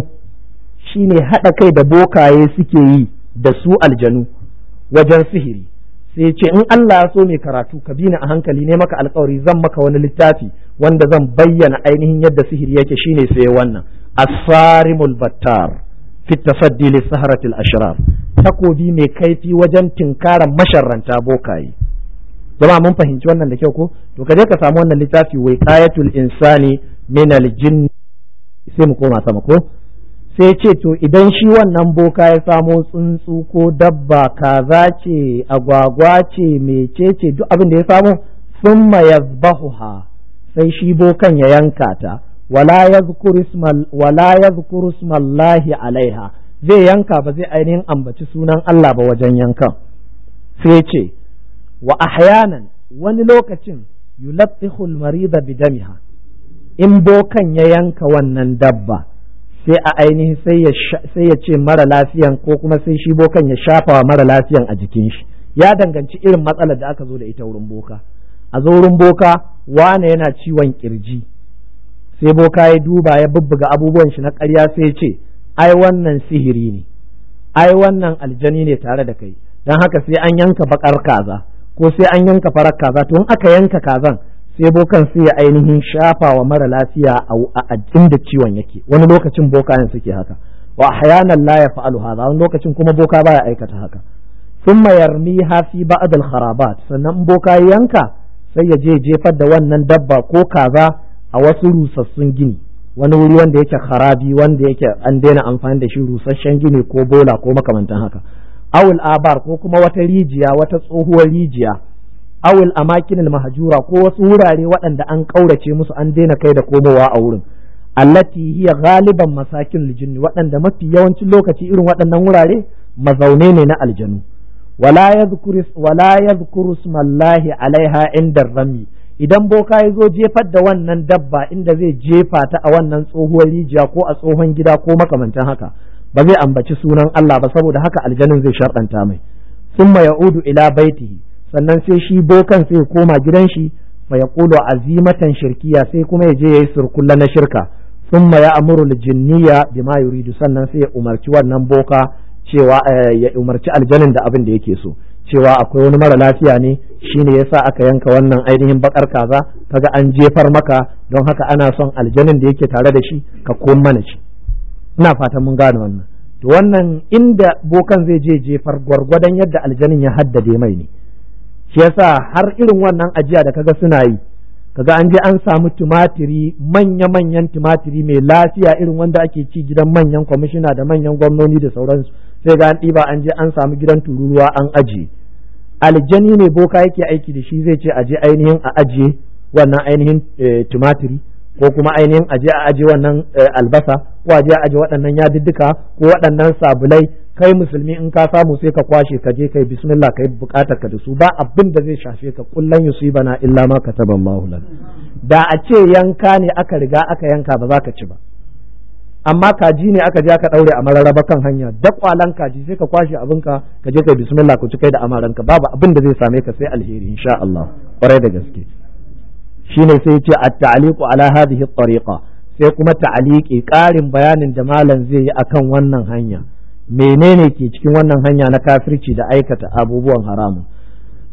shine haɗa kai da bokaye suke yi da su aljanu wajen sihiri sai ya ce in Allah ya so mai karatu ka bi ni a hankali ne maka alkawari zan maka wani littafi wanda zan bayyana ainihin yadda sihiri yake shine sai wannan asarimul battar fi tasaddi li saharatil ashrar takobi mai kaifi wajen tinkarar masharranta bokaye zama mun fahimci wannan da kyau ko to ka je ka samu wannan littafi wikayatul insani min aljin sai mu koma sama ko sai ce to idan shi wannan boka ya samo tsuntsu ko dabba kaza ce agwagwa ce mecece duk abin da ya samo thumma yazbahuha sai shi bokan ya yanka ta wala yadhkuru ismallahi alaiha zai yanka ba zai ainihin ambaci sunan Allah ba wajen yankan sai ce wa ahyanan wani lokacin yulattihul marida bidamiha in bokan ya yanka wannan dabba sai a ainihi sai ya ce mara lafiyan ko kuma sai shi bokan ya shafa wa mara lafiyan a jikin shi ya danganci irin matsalar da aka zo da ita wurin boka a zo wurin boka wane yana ciwon kirji sai boka ya duba ya bubbuga abubuwan shi na ƙarya sai ya ce ai wannan sihiri ne ai wannan aljani ne tare da kai don haka sai an yanka bakar kaza ko sai an yanka farar kaza to in aka yanka kazan sai bokan sai ya ainihin shafa wa mara lafiya a ajin da ciwon yake wani lokacin bokayen suke haka wa hayanan la yaf'alu hadha wani lokacin kuma boka baya aikata haka thumma mi fi ba'd al-kharabat sannan boka yanka sai ya je jefar da wannan dabba ko kaza a wasu rusassun gini wani wuri wanda yake harabi wanda yake an daina amfani da shi rusasshen gini ko bola ko makamantan haka awul abar ko kuma wata rijiya wata tsohuwar rijiya awul amakin mahajura ko wasu wurare waɗanda an ƙaurace musu an daina kai da komowa a wurin allati hiya galiban masakin aljinni waɗanda mafi yawancin lokaci irin waɗannan wurare mazaune ne na aljanu wala yadhkuru wala yadhkuru smallahi alaiha inda rami idan boka ya zo jefar da wannan dabba inda zai jefa ta a wannan tsohuwar rijiya ko a tsohon gida ko makamantan haka ba zai ambaci sunan Allah ba saboda haka aljanin zai sharɗanta mai sun ma ya'udu ila baitihi sannan sai shi bokan sai koma gidan shi fa yaqulu azimatan shirkiya sai kuma ya je ya yi surkulla na shirka ma ya amuru jinniya bima yuridu sannan sai ya umarci wannan boka cewa eh, ya umarci aljanin da abin da yake so cewa akwai wani mara lafiya ne Shi shine yasa aka yanka wannan ainihin bakar kaza kaga an jefar maka don haka ana son aljanin da yake tare da shi ka koma mana shi ina fatan mun gane wannan to wannan inda bokan zai je jefar gwargwadon yadda aljanin ya haddade mai ne shi yasa har irin wannan ajiya da kaga suna yi kaga an je an samu tumatiri manya-manyan tumatiri mai lafiya irin wanda ake ci gidan manyan kwamishina da manyan gwamnoni da sauransu sai ga an ɗiba an je an samu gidan tururuwa an ajiye aljani ne boka yake aiki da shi zai ce aje ainihin a ajiye wannan ainihin eh, tumatiri ko kuma ainihin aje a aje wannan eh, albasa ko a je a ji waɗannan yadiddika ko waɗannan sabulai kai musulmi in ka samu sai ka kwashe ka je kai bismillah kai bukatar ka da su ba abin da zai shafe ka kullan na illa ma kataban mahulan da a ce yanka ne aka riga aka yanka ba za ka ci ba amma kaji ne aka je aka daure a mararraba kan hanya da kwalan kaji sai ka kwashe abin ka ka je kai bismillah ku ci kai da ka babu abin da zai same ka sai alheri insha Allah kwarai da gaske shine sai ya ce at-ta'liqu ala hadhihi at-tariqa sai kuma ta'aliki ƙarin bayanin da malam zai yi akan wannan hanya menene ke cikin wannan hanya na kafirci da aikata abubuwan haramun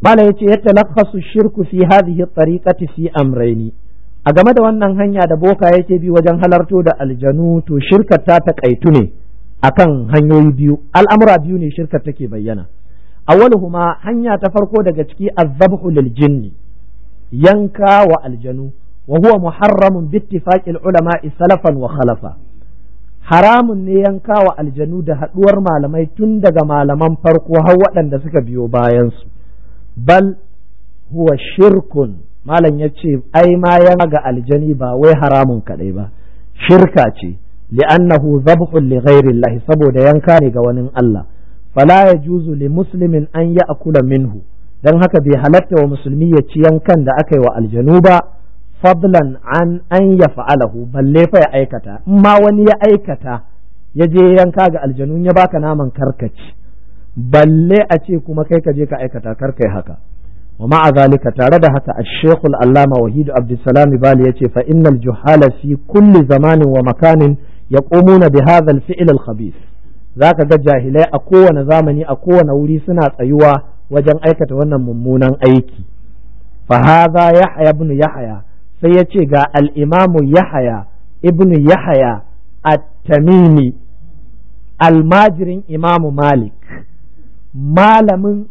malam yace ya talakhasu shirku fi hadhihi tariqati fi amrayni a game da wannan hanya da boka yake bi wajen halarto da aljanu to shirkar ta taƙaitu ne akan hanyoyi biyu al'amura biyu ne shirkar take bayyana awwaluhuma hanya ta farko daga ciki azzabhu lil jinni yanka wa aljanu wa huwa muharramun bittifaqil ulama salafan wa khalafa haramun ne yanka wa aljanu da haduwar malamai tun daga malaman farko har waɗanda suka biyo bayansu su bal huwa shirkun malam yace ai ma yanka ga aljani ba wai haramun kadai ba shirka ce li'annahu zabhun li ghairi saboda yanka ne ga wani Allah fala yajuzu li muslimin an kula minhu don haka bai halatta wa musulmi ya ci yankan da aka yi wa aljanu ba fadlan an an ya fa'alahu balle fa ya aikata in ma wani ya aikata ya je yanka ga aljanun ya baka naman karkaci balle a ce kuma kai ka je ka aikata karkai haka wa ma'a zalika tare da haka ash-shaykhul allama wahidu abdussalam bali yace fa innal juhala fi kulli zamanin wa makanin yaqumuna bi hadha al-fi'l al-khabith zaka ga jahilai a kowane zamani a kowane wuri suna tsayuwa wajen aikata wannan mummunan aiki fa hadha yahya ibn yahya sai ya ce ga al'imamu yahaya ibn yahaya at-tamimi almajirin imamu malik malamin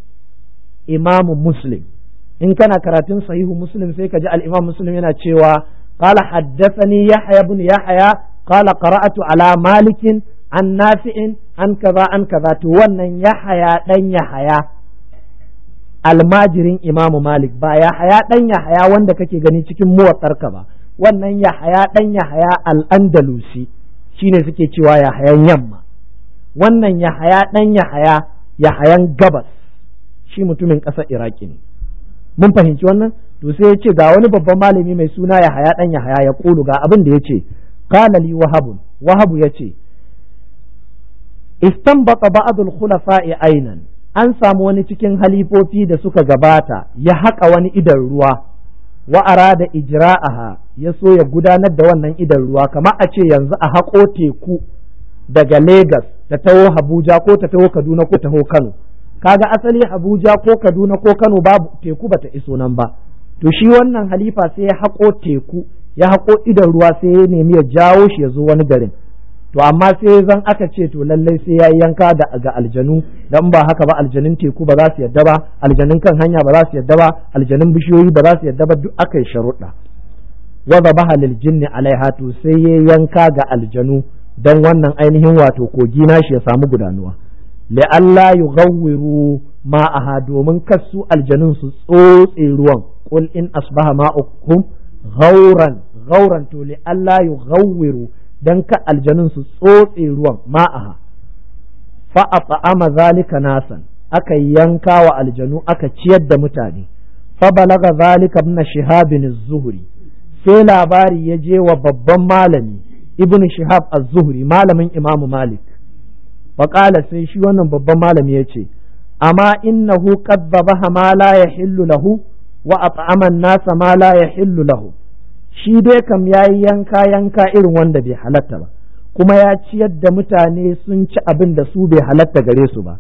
imamu muslim in kana karatun sahihu muslim sai ka ji al'imam muslim yana cewa qala haddathani yahya ibn yahya kala qara'atu ala malikin an nafi'in an kaza an kaza to wannan yahaya dan yahaya almajirin imamu malik ba ya haya dan ya haya wanda kake gani cikin muwatsarka ba wannan ya haya dan ya haya al'andalusi shine suke cewa ya hayan yamma wannan ya haya dan ya haya ya hayan gabas shi mutumin ƙasa iraki ne mun fahimci wannan to sai ya ce ga wani babban malami mai suna ya haya dan ya haya ya kulu ga abin da ya ce qala li wahabun wahabu ya ce istanbata ba'd al-khulafa'i aynan an samu wani cikin halifofi da suka gabata ya haƙa wani idan ruwa wa arada ijra'aha ya so ya gudanar da wannan idan ruwa kamar a ce yanzu a haƙo teku daga Legas ta taho Abuja ko ta taho Kaduna ko taho Kano kaga asali Abuja ko Kaduna ko Kano babu teku bata iso nan ba to shi wannan halifa sai ya haƙo teku ya haƙo idan ruwa sai ya nemi ya jawo shi ya zo wani garin to amma sai zan aka ce to lallai sai ya yi yanka da ga aljanu dan ba haka ba aljanun teku ba za su yadda ba aljanun kan hanya ba za su yadda ba aljanun bishiyoyi ba za su yadda ba duk aka yi sharuɗa waza baha lil jinni alaiha to sai ya yanka ga aljanu dan wannan ainihin wato kogi shi ya samu gudanuwa alla yughawwiru aha domin kasu aljanun su tsotse ruwan qul in asbaha ma'ukum ghauran ghauran to alla yughawwiru dan ka aljanun su tsotse ruwan ma'aha fa at'ama zalika nasan aka yanka wa aljanu aka ciyar da mutane fa balaga zalika na shihabin az-zuhri sai labari ya je wa babban malami ibn shihab az-zuhri malamin imam malik fa sai shi wannan babban malami ya ce amma innahu qad ma la yahillu lahu wa at'ama an-nasa ma la yahillu lahu shi dai kam ya yi yanka yanka irin wanda bai halatta ba kuma ya ci yadda mutane sun ci abin da su bai halatta gare su ba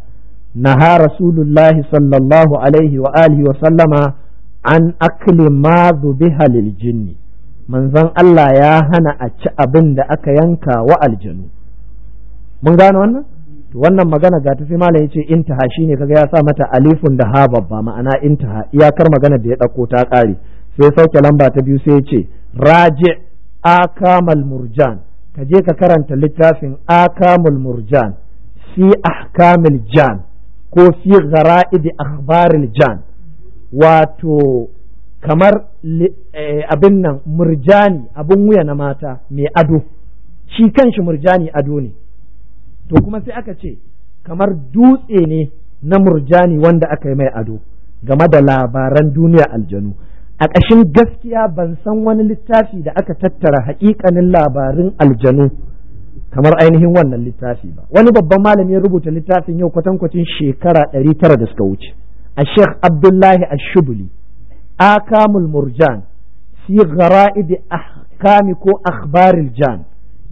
naha rasulullahi sallallahu alaihi wa alihi wa sallama an akli ma zube halil jinni manzan Allah ya hana a ci abin da aka yanka wa aljanu mun gane wannan wannan magana ga tafi malam ce intaha shine kaga ya sa mata alifun da ha babba ma'ana intaha iyakar magana da ya dauko ta ƙare sai sauke lamba ta biyu sai ya ce raje akamal murjan ka je ka karanta littafin akamul murjan fi ahkamil jan ko fi ghara'idi akhbaril jan wato kamar eh, abin nan murjani abin wuya na mata mai ado shi kanshi murjani ado ne to kuma sai aka ce kamar dutse ne na murjani wanda aka yi mai ado game da labaran duniya aljanu a ƙashin gaskiya ban san wani littafi da aka tattara haƙiƙanin labarin aljanu kamar ainihin wannan littafi ba wani babban malami ya rubuta littafin yau kwatankwacin shekara ɗari tara da suka wuce a sheikh abdullahi ashubuli akamul murjan fi ghara'ib ahkami ko akhbaril jan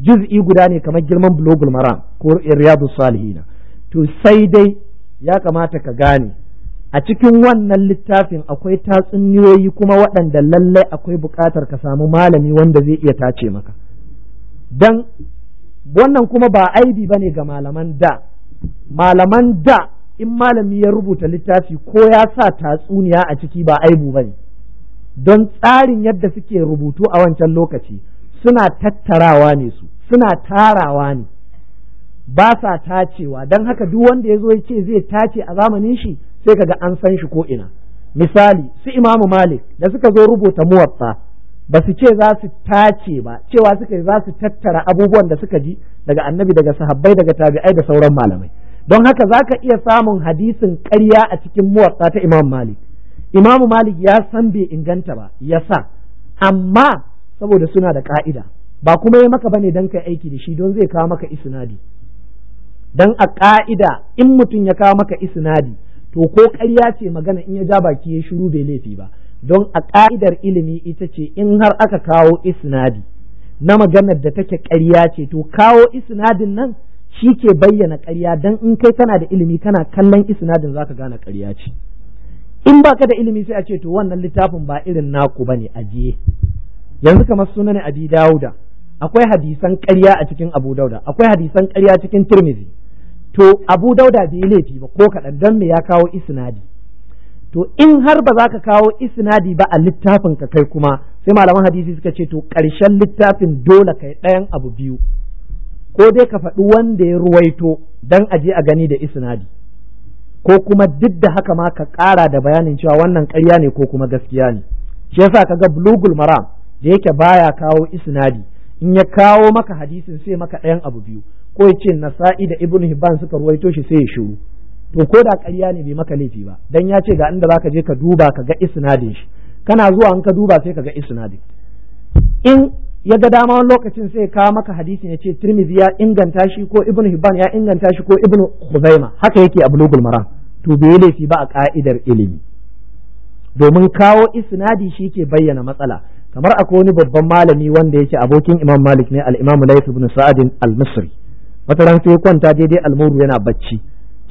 juz'i guda ne kamar girman bulogul maram ko riyadu salihina to sai dai ya kamata ka gane a cikin wannan littafin akwai tatsuniyoyi kuma waɗanda lallai akwai buƙatar ka samu malami wanda zai iya tace maka Don wannan kuma ba aibi ba ne ga malaman da malaman da in malami ya rubuta littafi ko ya sa tatsuniya a ciki ba aibu ba ne. don tsarin yadda suke rubutu a wancan lokaci suna tattarawa ne su suna tarawa ne ba sa tacewa don haka duk wanda ya zo ya ce zai tace a zamanin shi sai ka ga an san shi ko ina misali su imamu malik da suka zo rubuta muwatta ba su ce za su tace ba cewa suka za su tattara abubuwan da suka ji daga annabi daga sahabbai daga tabi'ai da sauran malamai don haka za ka iya samun hadisin karya a cikin muwatta ta imam malik imamu malik ya san bai inganta ba ya sa amma saboda suna da ka'ida ba kuma ya maka bane don kai aiki da shi don zai kawo maka isnadi don a ka'ida in mutum ya kawo maka isnadi to ko ƙarya ce magana in ya ja baki ya shiru bai laifi ba don a ƙa'idar ilimi ita ce in har aka kawo isnadi na maganar da take ƙarya ce to kawo isnadin nan shi ke bayyana ƙarya don in kai kana da ilimi kana kallon isnadin za ka gane ƙarya ce in ba ka da ilimi sai a ce to wannan littafin ba irin naku ba ne ajiye yanzu kamar sunan abi dauda akwai hadisan ƙarya a cikin abu dauda akwai hadisan ƙarya cikin tirmizi to abu dauda bai laifi ba ko kaɗan don me ya kawo isnadi to in har ba za ka kawo isnadi ba a littafin ka kai kuma sai malaman hadisi suka ce to ƙarshen littafin dole kai ɗayan abu biyu ko dai ka faɗi wanda ya ruwaito don a je a gani da isnadi ko kuma duk da haka ma ka ƙara da bayanin cewa wannan ƙarya ne ko kuma gaskiya ne shi yasa ga bulugul maram da yake baya kawo isnadi in ya kawo maka hadisin sai maka ɗayan abu biyu ko ya ce nasa'i da ibnu hibban suka ruwaito shi sai ya shiru to ko da ƙarya ne bai maka laifi ba dan ya ce ga inda zaka je ka duba ka ga isnadin shi kana zuwa in ka duba sai ka ga isnadin in ya ga dama wani lokacin sai ka maka hadisi ya ce Tirmidhi ya inganta shi ko ibnu Hibban ya inganta shi ko ibnu Khuzaima haka yake a bulugul Maram to bai laifi ba a ka'idar ilimi domin kawo isnadi shi ke bayyana matsala kamar akwai wani babban malami wanda yake abokin Imam Malik ne al-Imam Layth ibn sa'ad al-Misri wata ran sai kwanta daidai almuru yana bacci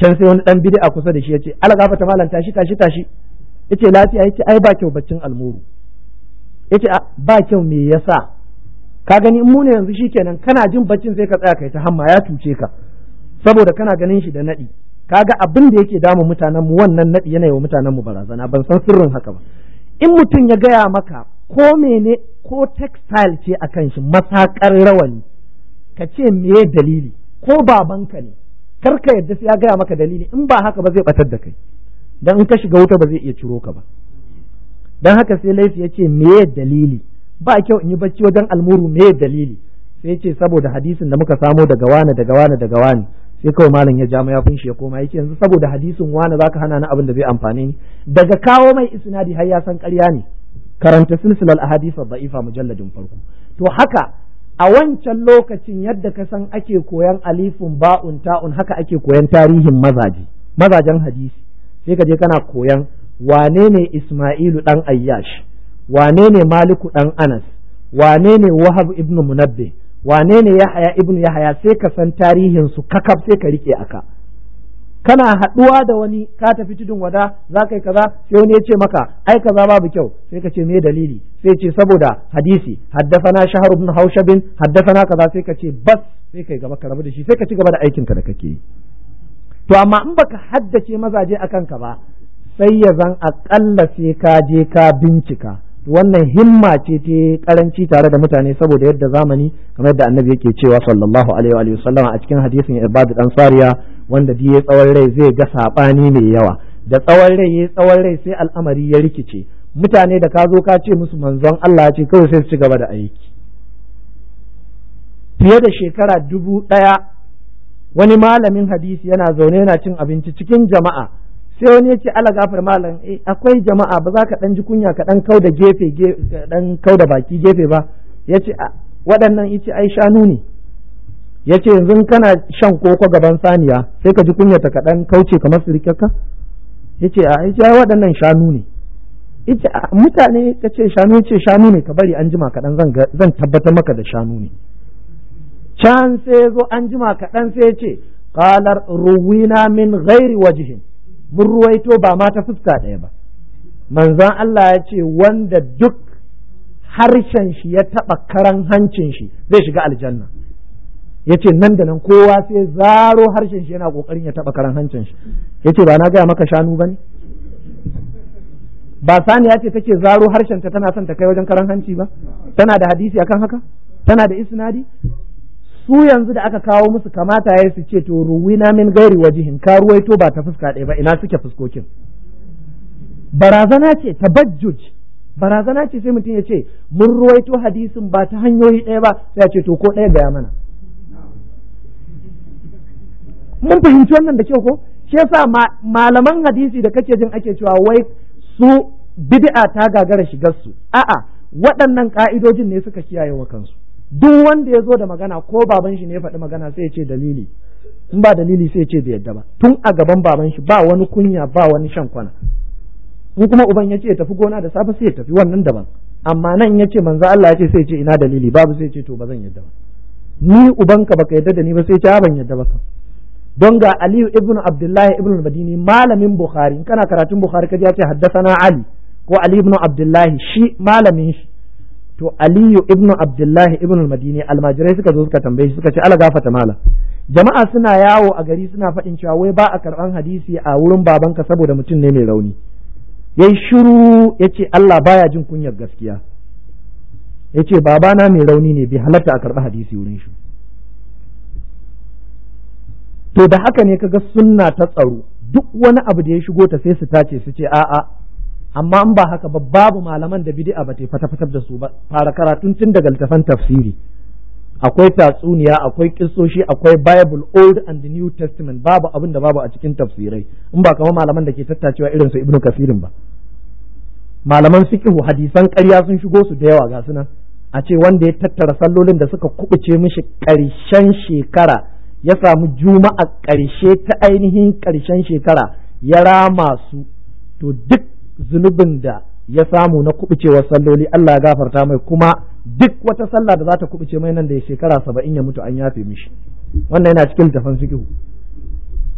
can sai wani dan bidi a kusa da shi yace algafa ta malam tashi tashi tashi yace lafiya yace ai ba kyau baccin almuru yace ba kyau me yasa ka gani in mu ne yanzu shikenan kana jin baccin sai ka tsaya kai ta hamma ya tuce ka saboda kana ganin shi da nadi kaga abin da yake damu mutanen mu wannan nadi yana yi wa mutanen mu barazana ban san sirrin haka ba in mutum ya gaya maka ko mene ko textile ce akan shi masakar rawani ka ce meye dalili ko babanka ne karka ka yadda sai ya gaya maka dalili in ba haka ba zai batar da kai dan in ka shiga wuta ba zai iya ciro ka ba dan haka sai laifi ya ce meye dalili ba kyau in yi bacci wajen almuru meye dalili sai ya ce saboda hadisin da muka samo daga wani daga wani daga wani sai kawai malam ya ja ya funshi ya koma yake yanzu saboda hadisin wani zaka hana ni abin da zai amfane ni daga kawo mai isnadi har ya san ƙarya ne karanta silsilar ahadith da'ifa mujalladin farko to haka a wancan lokacin yadda ka san ake koyan alifun ba'un ta'un haka ake koyan tarihin mazaje mazajen hadisi sai ka je kana koyan wane ne Isma'ilu dan Ayyash wane ne Maliku dan Anas wane ne Wahab ibn Munabbi wane ne Yahaya ibn Yahaya sai ka san tarihin su kakab sai ka rike aka kana haɗuwa da wani ka tafi tudun wada za ka yi kaza sai wani ya ce maka ai kaza babu kyau sai ka ce me dalili sai ce saboda hadisi haddafana shahar ibn haushabin haddafana kaza sai ka ce bas sai kai gaba ka rabu da shi sai ka ci gaba da aikin ka da kake yi to amma in baka haddace mazaje akan ka ba sai ya zan akalla sai ka je ka bincika wannan himma ce ta karanci tare da mutane saboda yadda zamani kamar yadda annabi yake cewa sallallahu alaihi wa sallam a cikin hadisin ibadu dan sariya wanda duk ya tsawon rai zai ga saɓani mai yawa da tsawon rai ya tsawon rai sai al'amari ya rikice mutane da ka zo ka ce musu manzon Allah ce kawai sai su ci gaba da aiki fiye da shekara dubu ɗaya wani malamin hadisi yana zaune yana cin abinci cikin jama'a sai wani ya ce ala gafar malam eh, akwai jama'a ba za ka ɗan ji kunya ka ɗan kau da gefe ɗan kau da baki gefe ba ya ce waɗannan ya ai shanu ne ya ce yanzu kana shan koko gaban saniya sai ka ji kunyata kaɗan kauce kamar sirikaka ya ce a ya waɗannan shanu ne mutane ka ce shanu ce shanu ne ka bari an jima kaɗan zan tabbatar maka da shanu ne can sai zo an jima kaɗan sai ce ƙalar ruwina min gairi wajihin mun ruwaito ba ma ta fuska ɗaya ba manzan Allah ya ce wanda duk harshen shi ya taɓa karan hancin shi zai shiga aljanna yace nan da nan kowa sai zaro harshen shi yana kokarin ya taba karan hancin shi yace ba na gaya maka shanu ba ne ba saniya ce take zaro harshen ta tana son ta kai wajen karan hanci ba tana da hadisi akan haka tana da isnadi su yanzu da aka kawo musu kamata ya su ce to ruwina min gairi wajihin ka ruwaito ba ta fuska ɗaya ba ina suke fuskokin barazana ce tabajjuj barazana ce sai mutum ya ce mun ruwaito hadisin ba ta hanyoyi ɗaya ba sai ya ce to ko ɗaya gaya mana mun fahimci wannan da kyau ko shi yasa malaman hadisi da kake jin ake cewa wai su bid'a ta gagara shigar su a'a waɗannan ka'idojin ne suka kiyaye wa kansu duk wanda ya zo da magana ko baban shi ne ya faɗi magana sai ya ce dalili in ba dalili sai ya ce bai yadda ba tun a gaban baban shi ba wani kunya ba wani shan kwana in kuma uban ya ce ya tafi gona da safe sai ya tafi wannan daban amma nan ya ce manzo Allah ya ce sai ya ce ina dalili babu sai ya ce to ba zan yadda ba ni ubanka baka yadda da ni ba sai ya ce ban yadda ba don ga aliyu ibn abdullahi ibn madini malamin bukhari in kana karatun bukhari kaji ya ce haddasana ali ko ali ibn abdullahi shi malamin shi to aliyu ibn abdullahi ibn madini almajirai suka zo suka tambaye shi suka ce ala gafata mala jama'a suna yawo a gari suna faɗin cewa wai ba a karɓan hadisi a wurin babanka saboda mutum ne mai rauni yayi shiru yace Allah baya jin kunyar gaskiya yace babana mai rauni ne bai halatta a karba hadisi wurin shi to da haka ne kaga sunna ta tsaro duk wani abu da ya shigo ta sai su tace su ce a'a amma in ba haka ba babu malaman da bid'a ba ta fata fatar da su ba fara karatun tun daga littafan tafsiri akwai tatsuniya akwai kissoshi akwai bible old and new testament babu abin da babu a cikin tafsirai in ba kamar malaman da ke tattacewa irin su ibnu kasirin ba malaman fiqh hadisan ƙarya sun shigo su da yawa ga sunan a ce wanda ya tattara sallolin da suka kubuce mishi ƙarshen shekara ya samu juma'a ƙarshe ta ainihin ƙarshen shekara ya rama su to duk zunubin da ya samu na kubucewar salloli Allah ya gafarta mai kuma duk wata sallah da za ta kubuce mai nan da shekara saba'in ya mutu an yafe mishi wannan yana cikin littafin fiqhu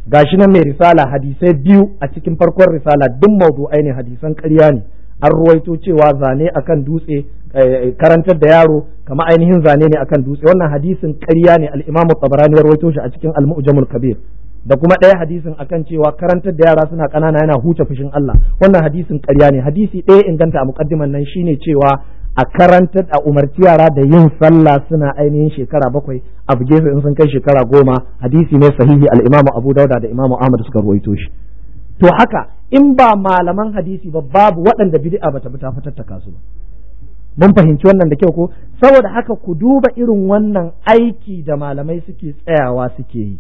gashi nan mai risala hadisai biyu a cikin farkon risala duk mawdu'ai ne hadisan ƙarya ne an ruwaito cewa zane akan dutse Eh, karantar da yaro kama ainihin zane ne akan dutse wannan hadisin ƙarya ne al-Imam Tabarani rawaito shi a cikin al-Mu'jamul Kabir da kuma ɗaya hadisin akan cewa karantar da yara suna ƙanana yana huce fushin Allah wannan hadisin ƙarya ne hadisi ɗaya inganta a muƙaddiman nan shine cewa a karantar a umarci yara da yin sallah suna ainihin shekara bakwai a buge su in sun kai shekara goma hadisi ne sahihi al-Imam Abu Dauda da Imam Ahmad suka rawaito shi to haka in ba malaman hadisi ba babu waɗanda bid'a bata bi ta fatattaka su ba mun fahimci wannan da kyau ko saboda haka ku duba irin wannan aiki da malamai suke tsayawa suke yi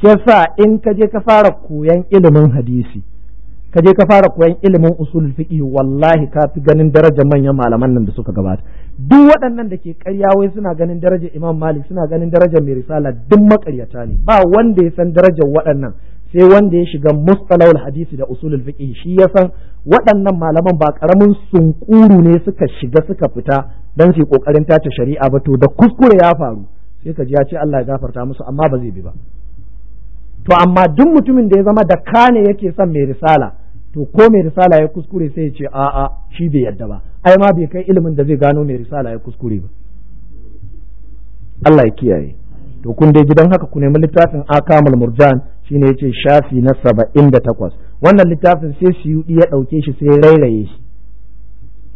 shi yasa in ka je ka fara koyan ilimin hadisi ka je ka fara koyan ilimin usulul fiqh wallahi ka fi ganin darajar manyan malaman nan da suka gabata duk waɗannan da ke ƙarya wai suna ganin darajar Imam Malik suna ganin darajar mai risala duk maƙaryata ne ba wanda ya san darajar waɗannan sai wanda ya shiga mustalahul hadisi da usulul fiqh shi ya san waɗannan malaman ba karamin sunkuru ne suka shiga suka fita dan su kokarin tace shari'a ba to da kuskure ya faru sai ka ji ya ce Allah ya gafarta musu amma ba zai bi ba to amma duk mutumin da ya zama da kane yake son mai risala to ko mai risala ya kuskure sai ya ce a'a shi bai yadda ba ai ma bai kai ilimin da zai gano mai risala ya kuskure ba Allah ya kiyaye to kun dai gidan haka ku nemi littafin akamul murjan Shi ne ce shafi na saba'in da takwas wannan littafin sai suyuɗi ya ɗauke shi sai rairaye shi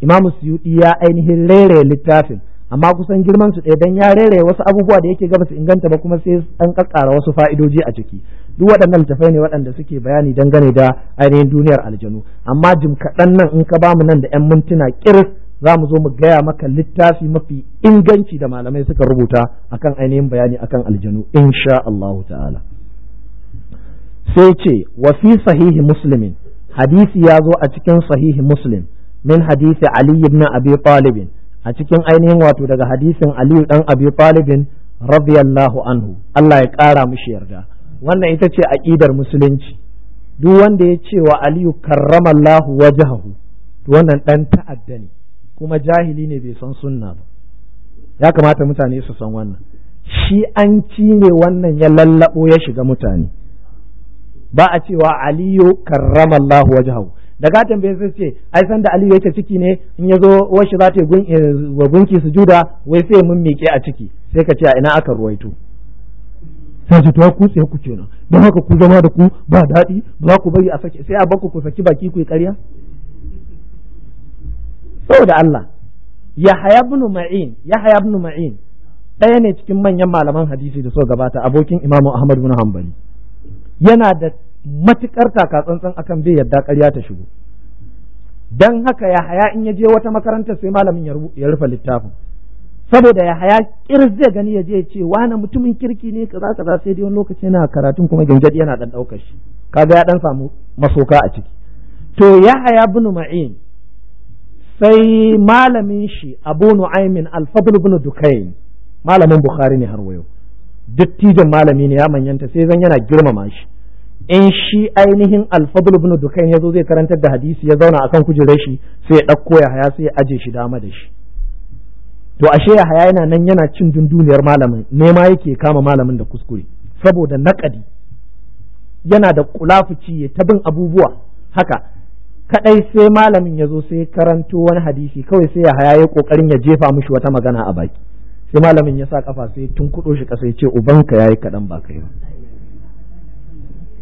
imamu suyuɗi ya ainihin rairaye littafin amma kusan girman su ɗaya dan ya rairaye wasu abubuwa da yake gaba su inganta ba kuma sai an ƙaƙƙara wasu fa'idoji a ciki duk waɗannan tafai ne waɗanda suke bayani dangane da ainihin duniyar aljanu amma jim kaɗan nan in ka ba mu nan da 'yan mintuna kiris za mu zo mu gaya maka littafi mafi inganci da malamai suka rubuta akan ainihin bayani akan aljanu insha allahu ta'ala sai ce wa fi sahihi muslimin hadisi ya zo a cikin sahihi muslim min hadisi ali ibn abi talib a cikin ainihin wato daga hadisin ali dan abi talib radiyallahu anhu Allah ya kara shi yarda wannan ita ce aqidar musulunci duk wanda ya ce wa aliyu karramallahu wajhahu wannan dan ta'adda ne kuma jahili ne bai san sunna ba ya kamata mutane su san wannan shi an ci ne wannan ya lallabo ya shiga mutane ba a cewa aliyu karrama karramallahu wajhahu daga tambaye sai ce ai san da aliyu yake ciki ne in yazo washi za ta eh, wa gunki sujuda wai sai mun miƙe a ciki sai ka ce a ina aka ruwaito sai ce to ku sai ku kenan don haka ku zama da ku ba daɗi ba ku bari a sake sai a baku ku saki baki ku yi ƙarya saboda Allah Yahya ibn Ma'in Yahya ibn Ma'in ɗaya ne cikin manyan malaman hadisi da so gabata abokin Imam Ahmad ibn Hanbali yana da matukar takatsantsan akan bai yadda ƙarya ta shigo don haka ya haya in ya je wata makarantar sai malamin ya rufe littafin saboda ya haya kir zai gani ya je ya ce wani mutumin kirki ne kaza za sai dai wani lokaci yana karatun kuma gyangyadi yana ɗan ɗaukar shi kaga ya ɗan samu masoka a ciki to ya haya bin ma'in sai malamin shi abu nu'aimin al bin malamin bukhari ne har wayo dattijan malami ne ya manyanta sai zan yana girmama shi in shi ainihin alfadul ibn dukain yazo zai karantar da hadisi ya zauna akan kujerar shi sai ya dauko ya haya sai ya aje shi dama da shi to ashe ya haya yana nan yana cin dunduniyar malamin nema yake kama malamin da kuskure saboda naƙadi yana da kulafuci ya tabin abubuwa haka kadai sai malamin ya zo sai karanto wani hadisi kawai sai ya haya ya kokarin ya jefa mushi wata magana a baki sai malamin ya sa kafa sai tun kudo shi kasa ya ce ubanka yayi kaɗan ba kai ba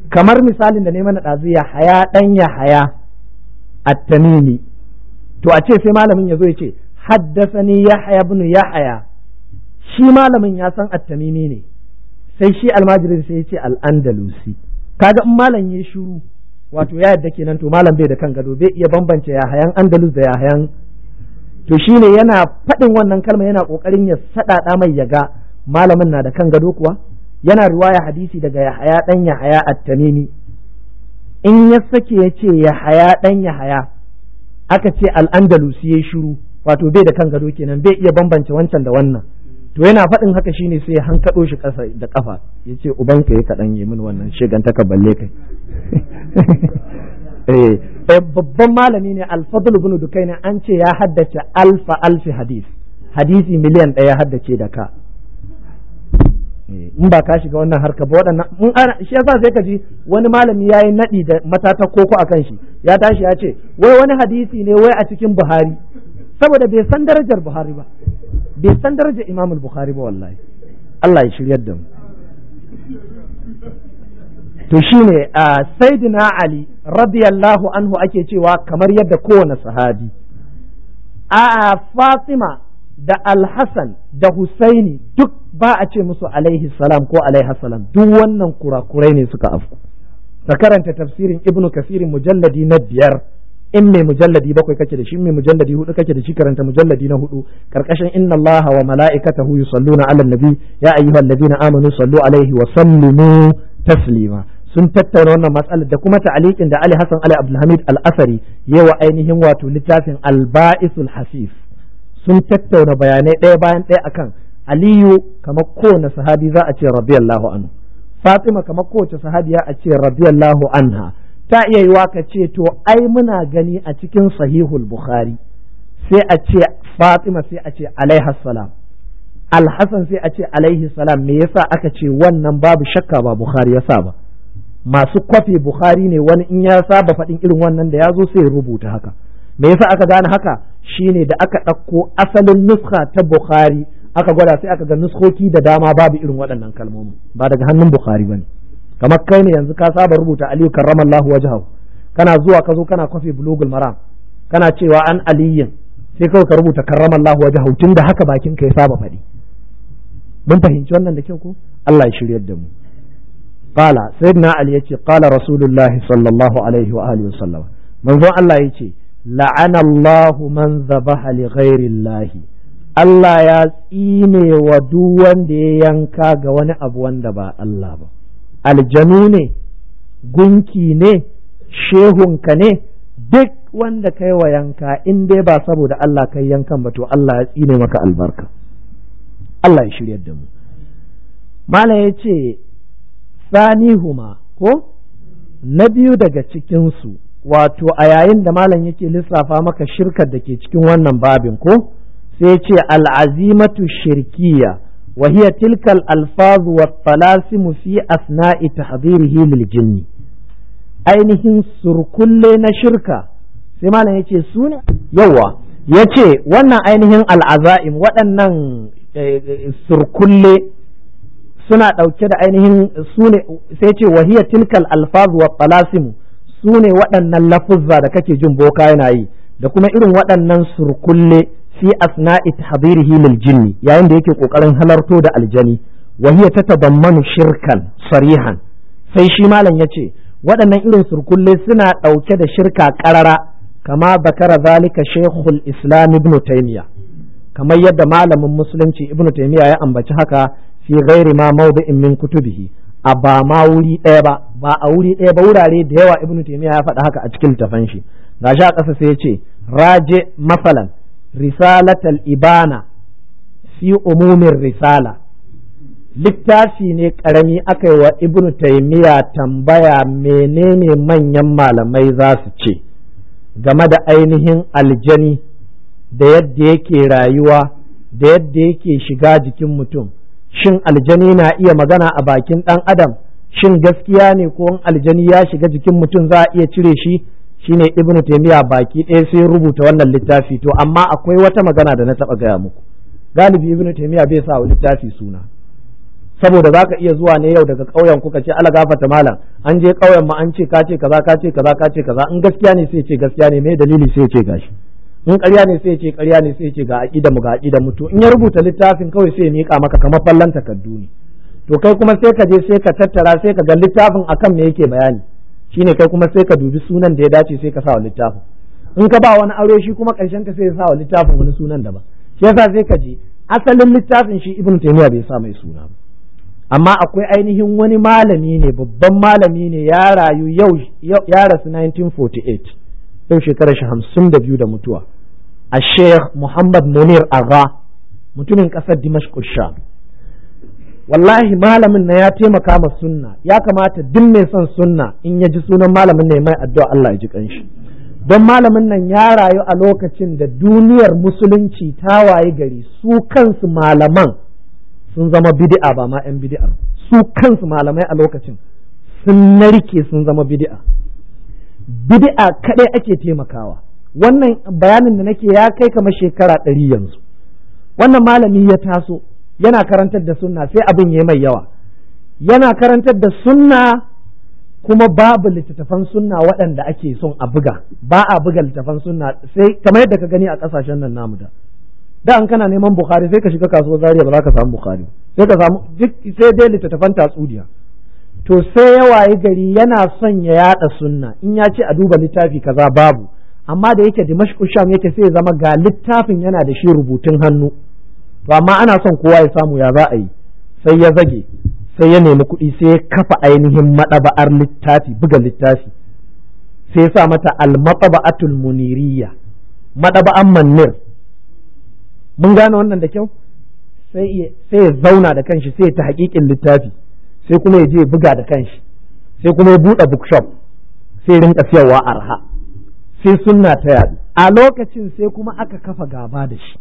kamar misalin da neman ya haya ɗan ya haya a tamimi to a ce sai malamin ya zo ya ce haddasa ne yahaya ya yahaya shi malamin ya san attamimi ne sai shi almajirin sai ya ce al'andalusi kaga in malam ya shiru wato ya yadda kenan to malam bai da kan gado bai iya bambance yahayan andalus da yahayan to shine yana faɗin wannan kalma yana ƙoƙarin ya saɗaɗa mai yaga malamin na da kan gado kuwa yana riwaya hadisi daga Yahaya ɗan Yahaya a tanini in ya sake ya ce Yahaya ɗan Yahaya aka ce al'andalusi ya shiru wato bai da kan gado kenan bai iya bambance wancan da wannan to yana faɗin haka shine sai ya hankaɗo shi ƙasa da ƙafa ya ce ubanka ya kaɗan yi min wannan ka balle kai Eh, eh babban malami ne alfadul bin ibn dukaini an ce ya haddace alfa alfi hadis hadisi miliyan daya haddace da ka eh, in ba ka shiga wannan harka ba waɗannan in ana shi yasa sai ka ji wani malami ya yi naɗi da matata koko a kan shi ya tashi ya ce wai wani hadisi ne wai a cikin buhari saboda bai san darajar buhari ba bai san darajar imamul Buhari ba wallahi Allah ya shiryar da mu to shine a saidina ali radiyallahu anhu ake cewa kamar yadda kowane sahabi a fatima da alhassan da husaini duk ba a ce musu alaihi salam ko alaihi salam duk wannan kurakurai ne suka afku ka karanta tafsirin ibnu kasiri mujalladi na biyar in mai mujalladi bakwai kake da shi in mai mujalladi hudu kake da shi karanta mujalladi na hudu karkashin inna Allah wa mala'ikatahu yusalluna 'alan nabi ya ayyuhallazina amanu sallu alaihi wa sallimu taslima sun tattauna wannan matsalar da kuma ta'aliqin da Ali Hassan Ali Abdulhamid Al-Asari wa ainihin wato littafin Al-Ba'isul Hasif sun tattauna bayanai ɗaya bayan ɗaya akan Aliyu kamar kowane sahabi za a ce radiyallahu anhu Fatima kamar kowace sahabiya a ce radiyallahu anha ta iya yiwa ka ce to ai muna gani a cikin sahihul Bukhari sai a ce Fatima sai a ce alaiha salam al sai a ce alaihi salam me yasa aka ce wannan babu shakka ba Bukhari yasa ba masu kwafe bukhari ne wani in ya saba faɗin irin wannan da ya zo sai rubuta haka me yasa aka gane haka shine da aka ɗauko asalin nuskha ta bukhari aka gwada sai aka ga nuskoki da dama babu irin waɗannan kalmomi ba daga hannun bukhari bane kamar kai ne yanzu ka saba rubuta aliyu karramallahu wajhahu kana zuwa ka zo kana kwafe bulugul maram kana cewa an aliyin sai kawai ka rubuta karramallahu wajhahu tunda haka bakin ka ya saba faɗi mun fahimci wannan da kyau ko Allah ya shiryar da mu qala sayyidina ali yace qala rasulullahi sallallahu alaihi wa alihi wasallam manzon Allah yace la'ana Allahu man zabaha li ghairillahi Allah ya tsinewa wa wanda ya yanka ga wani abu wanda ba Allah ba aljanu ne gunki ne shehunka ne duk wanda kai wa yanka in dai ba saboda Allah kai yankan ba to Allah ya tsine maka albarka Allah ya shiryar da mu Mala ya ce sanihuma ko na biyu daga cikinsu wato a yayin da malam yake lissafa maka shirkar da ke cikin wannan babin ko sai ce al'azimatu shirkiya wa hiya tilkal alfazu wa talasimu fi asna'i tahdhirihi lil jinni ainihin surkulle na shirka sai malam yace su ne yawa yace wannan ainihin al'azaim waɗannan eh, eh, surkulle suna ɗauke da ainihin su ne sai ce wahiyar tilkal alfazu wa talasim su ne waɗannan lafuzza da kake jin boka yana yi da kuma irin waɗannan surkulle fi asna'i tahdirihi lil jinni yayin da yake kokarin halarto da aljani wahiya ta tadammanu shirkan sarihan sai shi malam yace waɗannan irin surkulle suna ɗauke da shirka karara kama bakara zalika shaykhul islam ibn taymiya kamar yadda malamin musulunci ibnu taymiya ya ambaci haka fi ghairi ma mawdi'in min kutubihi a ba ma wuri ɗaya ba ba a wuri ɗaya ba wurare da yawa ibnu taymiya ya faɗa haka a cikin tafan shi gashi a ƙasa sai ya ce raje masalan risalatal ibana fi umumin risala littafi ne ƙarami aka yi wa ibnu taymiya tambaya menene manyan malamai za su ce game da ainihin aljani da yadda yake rayuwa da yadda yake shiga jikin mutum shin aljani na iya magana a bakin ɗan adam shin gaskiya ne ko aljani ya shiga jikin mutum za a iya cire shi shine ibn taimiya baki ɗaya sai rubuta wannan littafi to amma akwai wata magana da na taɓa gaya muku galibi ibn taimiya bai sa littafi suna saboda zaka iya zuwa ne yau daga ƙauyen kuka ce ala gafata malam an je ƙauyen ma an ce ka kaza ka kaza ka kaza in gaskiya ne sai ce gaskiya ne me dalili sai ce gashi in ƙarya ne sai ce ƙarya ne sai ce ga aƙida mu ga aƙida mu to in ya rubuta littafin kawai sai ya miƙa maka kamar fallan takardu ne to kai kuma sai ka je sai ka tattara sai ka ga littafin akan me yake bayani shine kai kuma sai ka dubi sunan da ya dace sai ka sa wa littafin in ka ba wani aure shi kuma ƙarshen ka sai ya sa wa littafin wani sunan daban shi yasa sai ka je asalin littafin shi ibn taymiya bai sa mai suna ba amma akwai ainihin wani malami ne babban malami ne ya rayu yau ya rasu 1948 yau shekarar shi hamsin da biyu da mutuwa a sheikh muhammad munir Arra mutumin ƙasar Dimash kusha wallahi malamin na ya taimaka ma sunna ya kamata duk mai son sunna in ya ji sunan malamin ne mai addu'a Allah ya ji ƙanshi don malamin nan ya rayu a lokacin da duniyar musulunci ta waye gari su kansu malaman sun zama bidi'a ba ma 'yan bidi'ar su kansu malamai a lokacin sun narke sun zama bidi'a. bid'a kaɗai ake taimakawa wannan bayanin da nake ya kai kamar shekara ɗari yanzu wannan malami ya taso yana karantar da sunna sai abin ya mai yawa yana karantar da sunna kuma babu littattafan sunna waɗanda ake son a buga ba a buga littattafan sunna sai kamar yadda ka gani a ƙasashen nan namu da da an kana neman bukhari sai ka shiga kasuwar zaria ba za ka samu bukhari sai ka samu sai dai littattafan tatsuniya to sai ya wayi gari yana son ya yada sunna in ya ce a duba littafi kaza babu amma da yake dimashq sham yake sai ya zama ga littafin yana da shi rubutun hannu to amma ana son kowa ya samu ya za a yi sai ya zage sai ya nemi kuɗi sai ya kafa ainihin maɗaba'ar littafi buga littafi sai ya sa mata al muniriya maɗaba'an mannir mun gane wannan da kyau sai ya zauna da kanshi sai ta haƙiƙin littafi sai kuma ya je buga da kanshi sai kuma ya buɗe bookshop sai rinka siyarwa arha sai sunna ta yaɗu a lokacin sai kuma aka kafa gaba da shi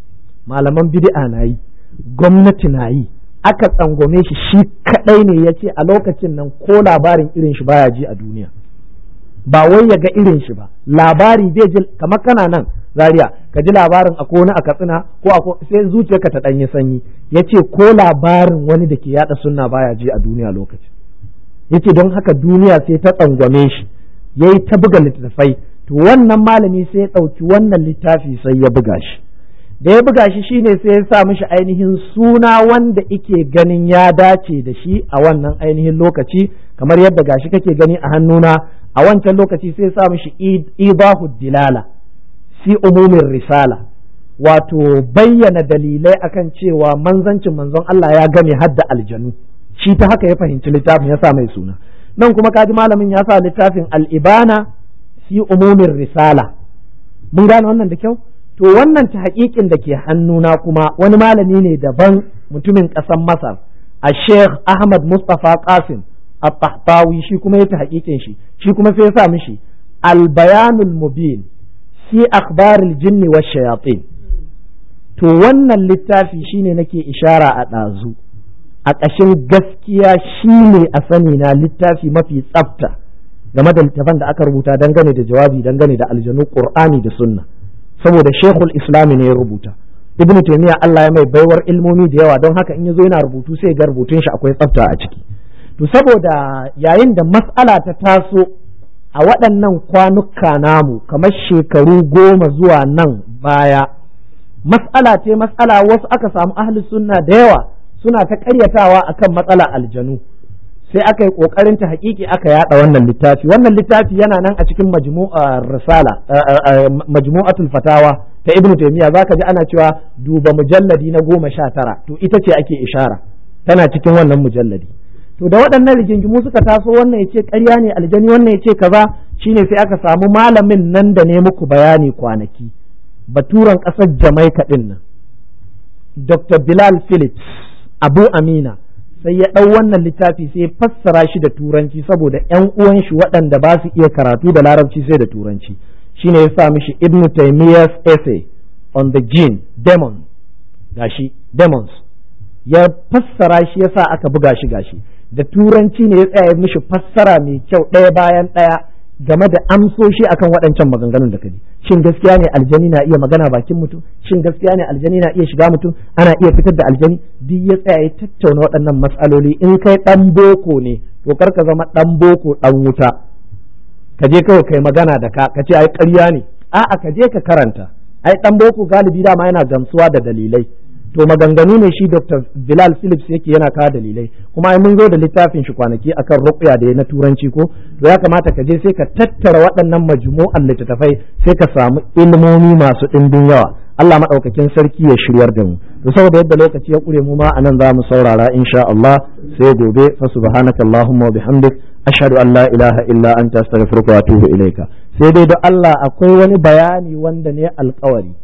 malaman bid'a na yi gwamnati na yi aka tsangwame shi shi kadai ne ya ce a lokacin nan ko labarin irin shi baya ji a duniya ba wai ya ga irin shi ba labari bai ji kamar kana nan Zaria ka ji labarin a kona a Katsina ko a sai zuciyarka ta danyi sanyi ya ce ko labarin wani da ke yada sunna baya ji a duniya lokacin yace don haka duniya sai ta tsangwame shi ya yi ta buga littattafai to wannan malami sai ya dauki wannan littafi sai ya buga shi da ya buga shi shine sai ya sa mishi ainihin suna wanda ike ganin ya dace da shi a wannan ainihin lokaci kamar yadda gashi kake gani a hannuna a wancan lokaci sai ya sa mishi idahu dilala fi umumin risala wato bayyana dalilai akan cewa manzancin manzon Allah ya game hadda aljanu shi ta haka ya fahimci littafin ya sa mai suna nan kuma kaji malamin ya sa littafin al'ibana fi umumin risala mun gane wannan da kyau to wannan ta haƙiƙin da ke hannuna kuma wani malami ne daban mutumin ƙasar masar a sheikh ahmad mustapha qasim a shi kuma ya ta haƙiƙin shi shi kuma sai ya sa mishi albayanul mubin fi akbaril jinni wa shayatin to wannan littafi shine nake ishara a ɗazu a ƙashin gaskiya shine a sani na littafi mafi tsafta game da littafin da aka rubuta dangane da jawabi dangane da aljanu qur'ani da sunna saboda shekul islami ne ya rubuta ibnu taymiya Allah ya mai baiwar ilmomi da yawa don haka in yazo yana rubutu sai ga rubutun shi akwai tsafta a ciki to saboda yayin da mas'ala ta taso a waɗannan kwanuka namu kamar shekaru goma zuwa nan baya matsala ce matsala wasu aka samu ahli sunna da yawa suna ta ƙaryatawa akan matsala aljanu sai aka yi ƙoƙarin ta haƙiƙi aka yaɗa wannan littafi wannan littafi yana nan a cikin majmu'ar risala majmu'atul fatawa ta ibnu taymiya zaka ji ana cewa duba mujalladi na goma sha tara to ita ce ake ishara tana cikin wannan mujalladi to da waɗannan rigingimu suka taso wannan ya ce ƙarya ne aljani wannan ya yace kaza shine sai aka samu malamin nan da ne muku bayani kwanaki baturan ƙasar Jama'ika ɗin nan Dr. Bilal Phillips Abu Amina sai ya ɗau wannan littafi sai ya fassara shi da turanci saboda ƴan uwan shi waɗanda ba su iya karatu da larabci sai da turanci shine ya sa mishi Ibn Taymiyyah's essay on the jinn demon gashi demons ya fassara shi yasa aka buga shi gashi da turanci ne ya tsaya mishi fassara mai kyau ɗaya bayan ɗaya game da amsoshi akan waɗancan maganganun da kaji shin gaskiya ne aljani na iya magana bakin mutum shin gaskiya ne aljani na iya shiga mutum ana iya fitar da aljani duk ya tsaya ya tattauna waɗannan matsaloli in kai ɗan boko ne to kar ka zama ɗan boko ɗan wuta ka je kawai kai magana da ka ka ce ai ƙarya ne a'a ka je ka karanta ai ɗan boko galibi dama yana gamsuwa da dalilai to maganganu ne shi Dr. Bilal Phillips yake yana kawo dalilai kuma ai mun zo da littafin shi kwanaki akan rukuya da ya na turanci ko to ya kamata ka je sai ka tattara waɗannan majmu'an littattafai sai ka samu ilmomi masu ɗimbin yawa Allah maɗaukakin sarki ya shiryar da mu to saboda yadda lokaci ya ƙure mu ma anan za mu saurara insha Allah sai gobe fa allahumma wa bihamdik ashhadu an la ilaha illa anta astaghfiruka wa atubu ilaika sai dai da Allah akwai wani bayani wanda ne alƙawari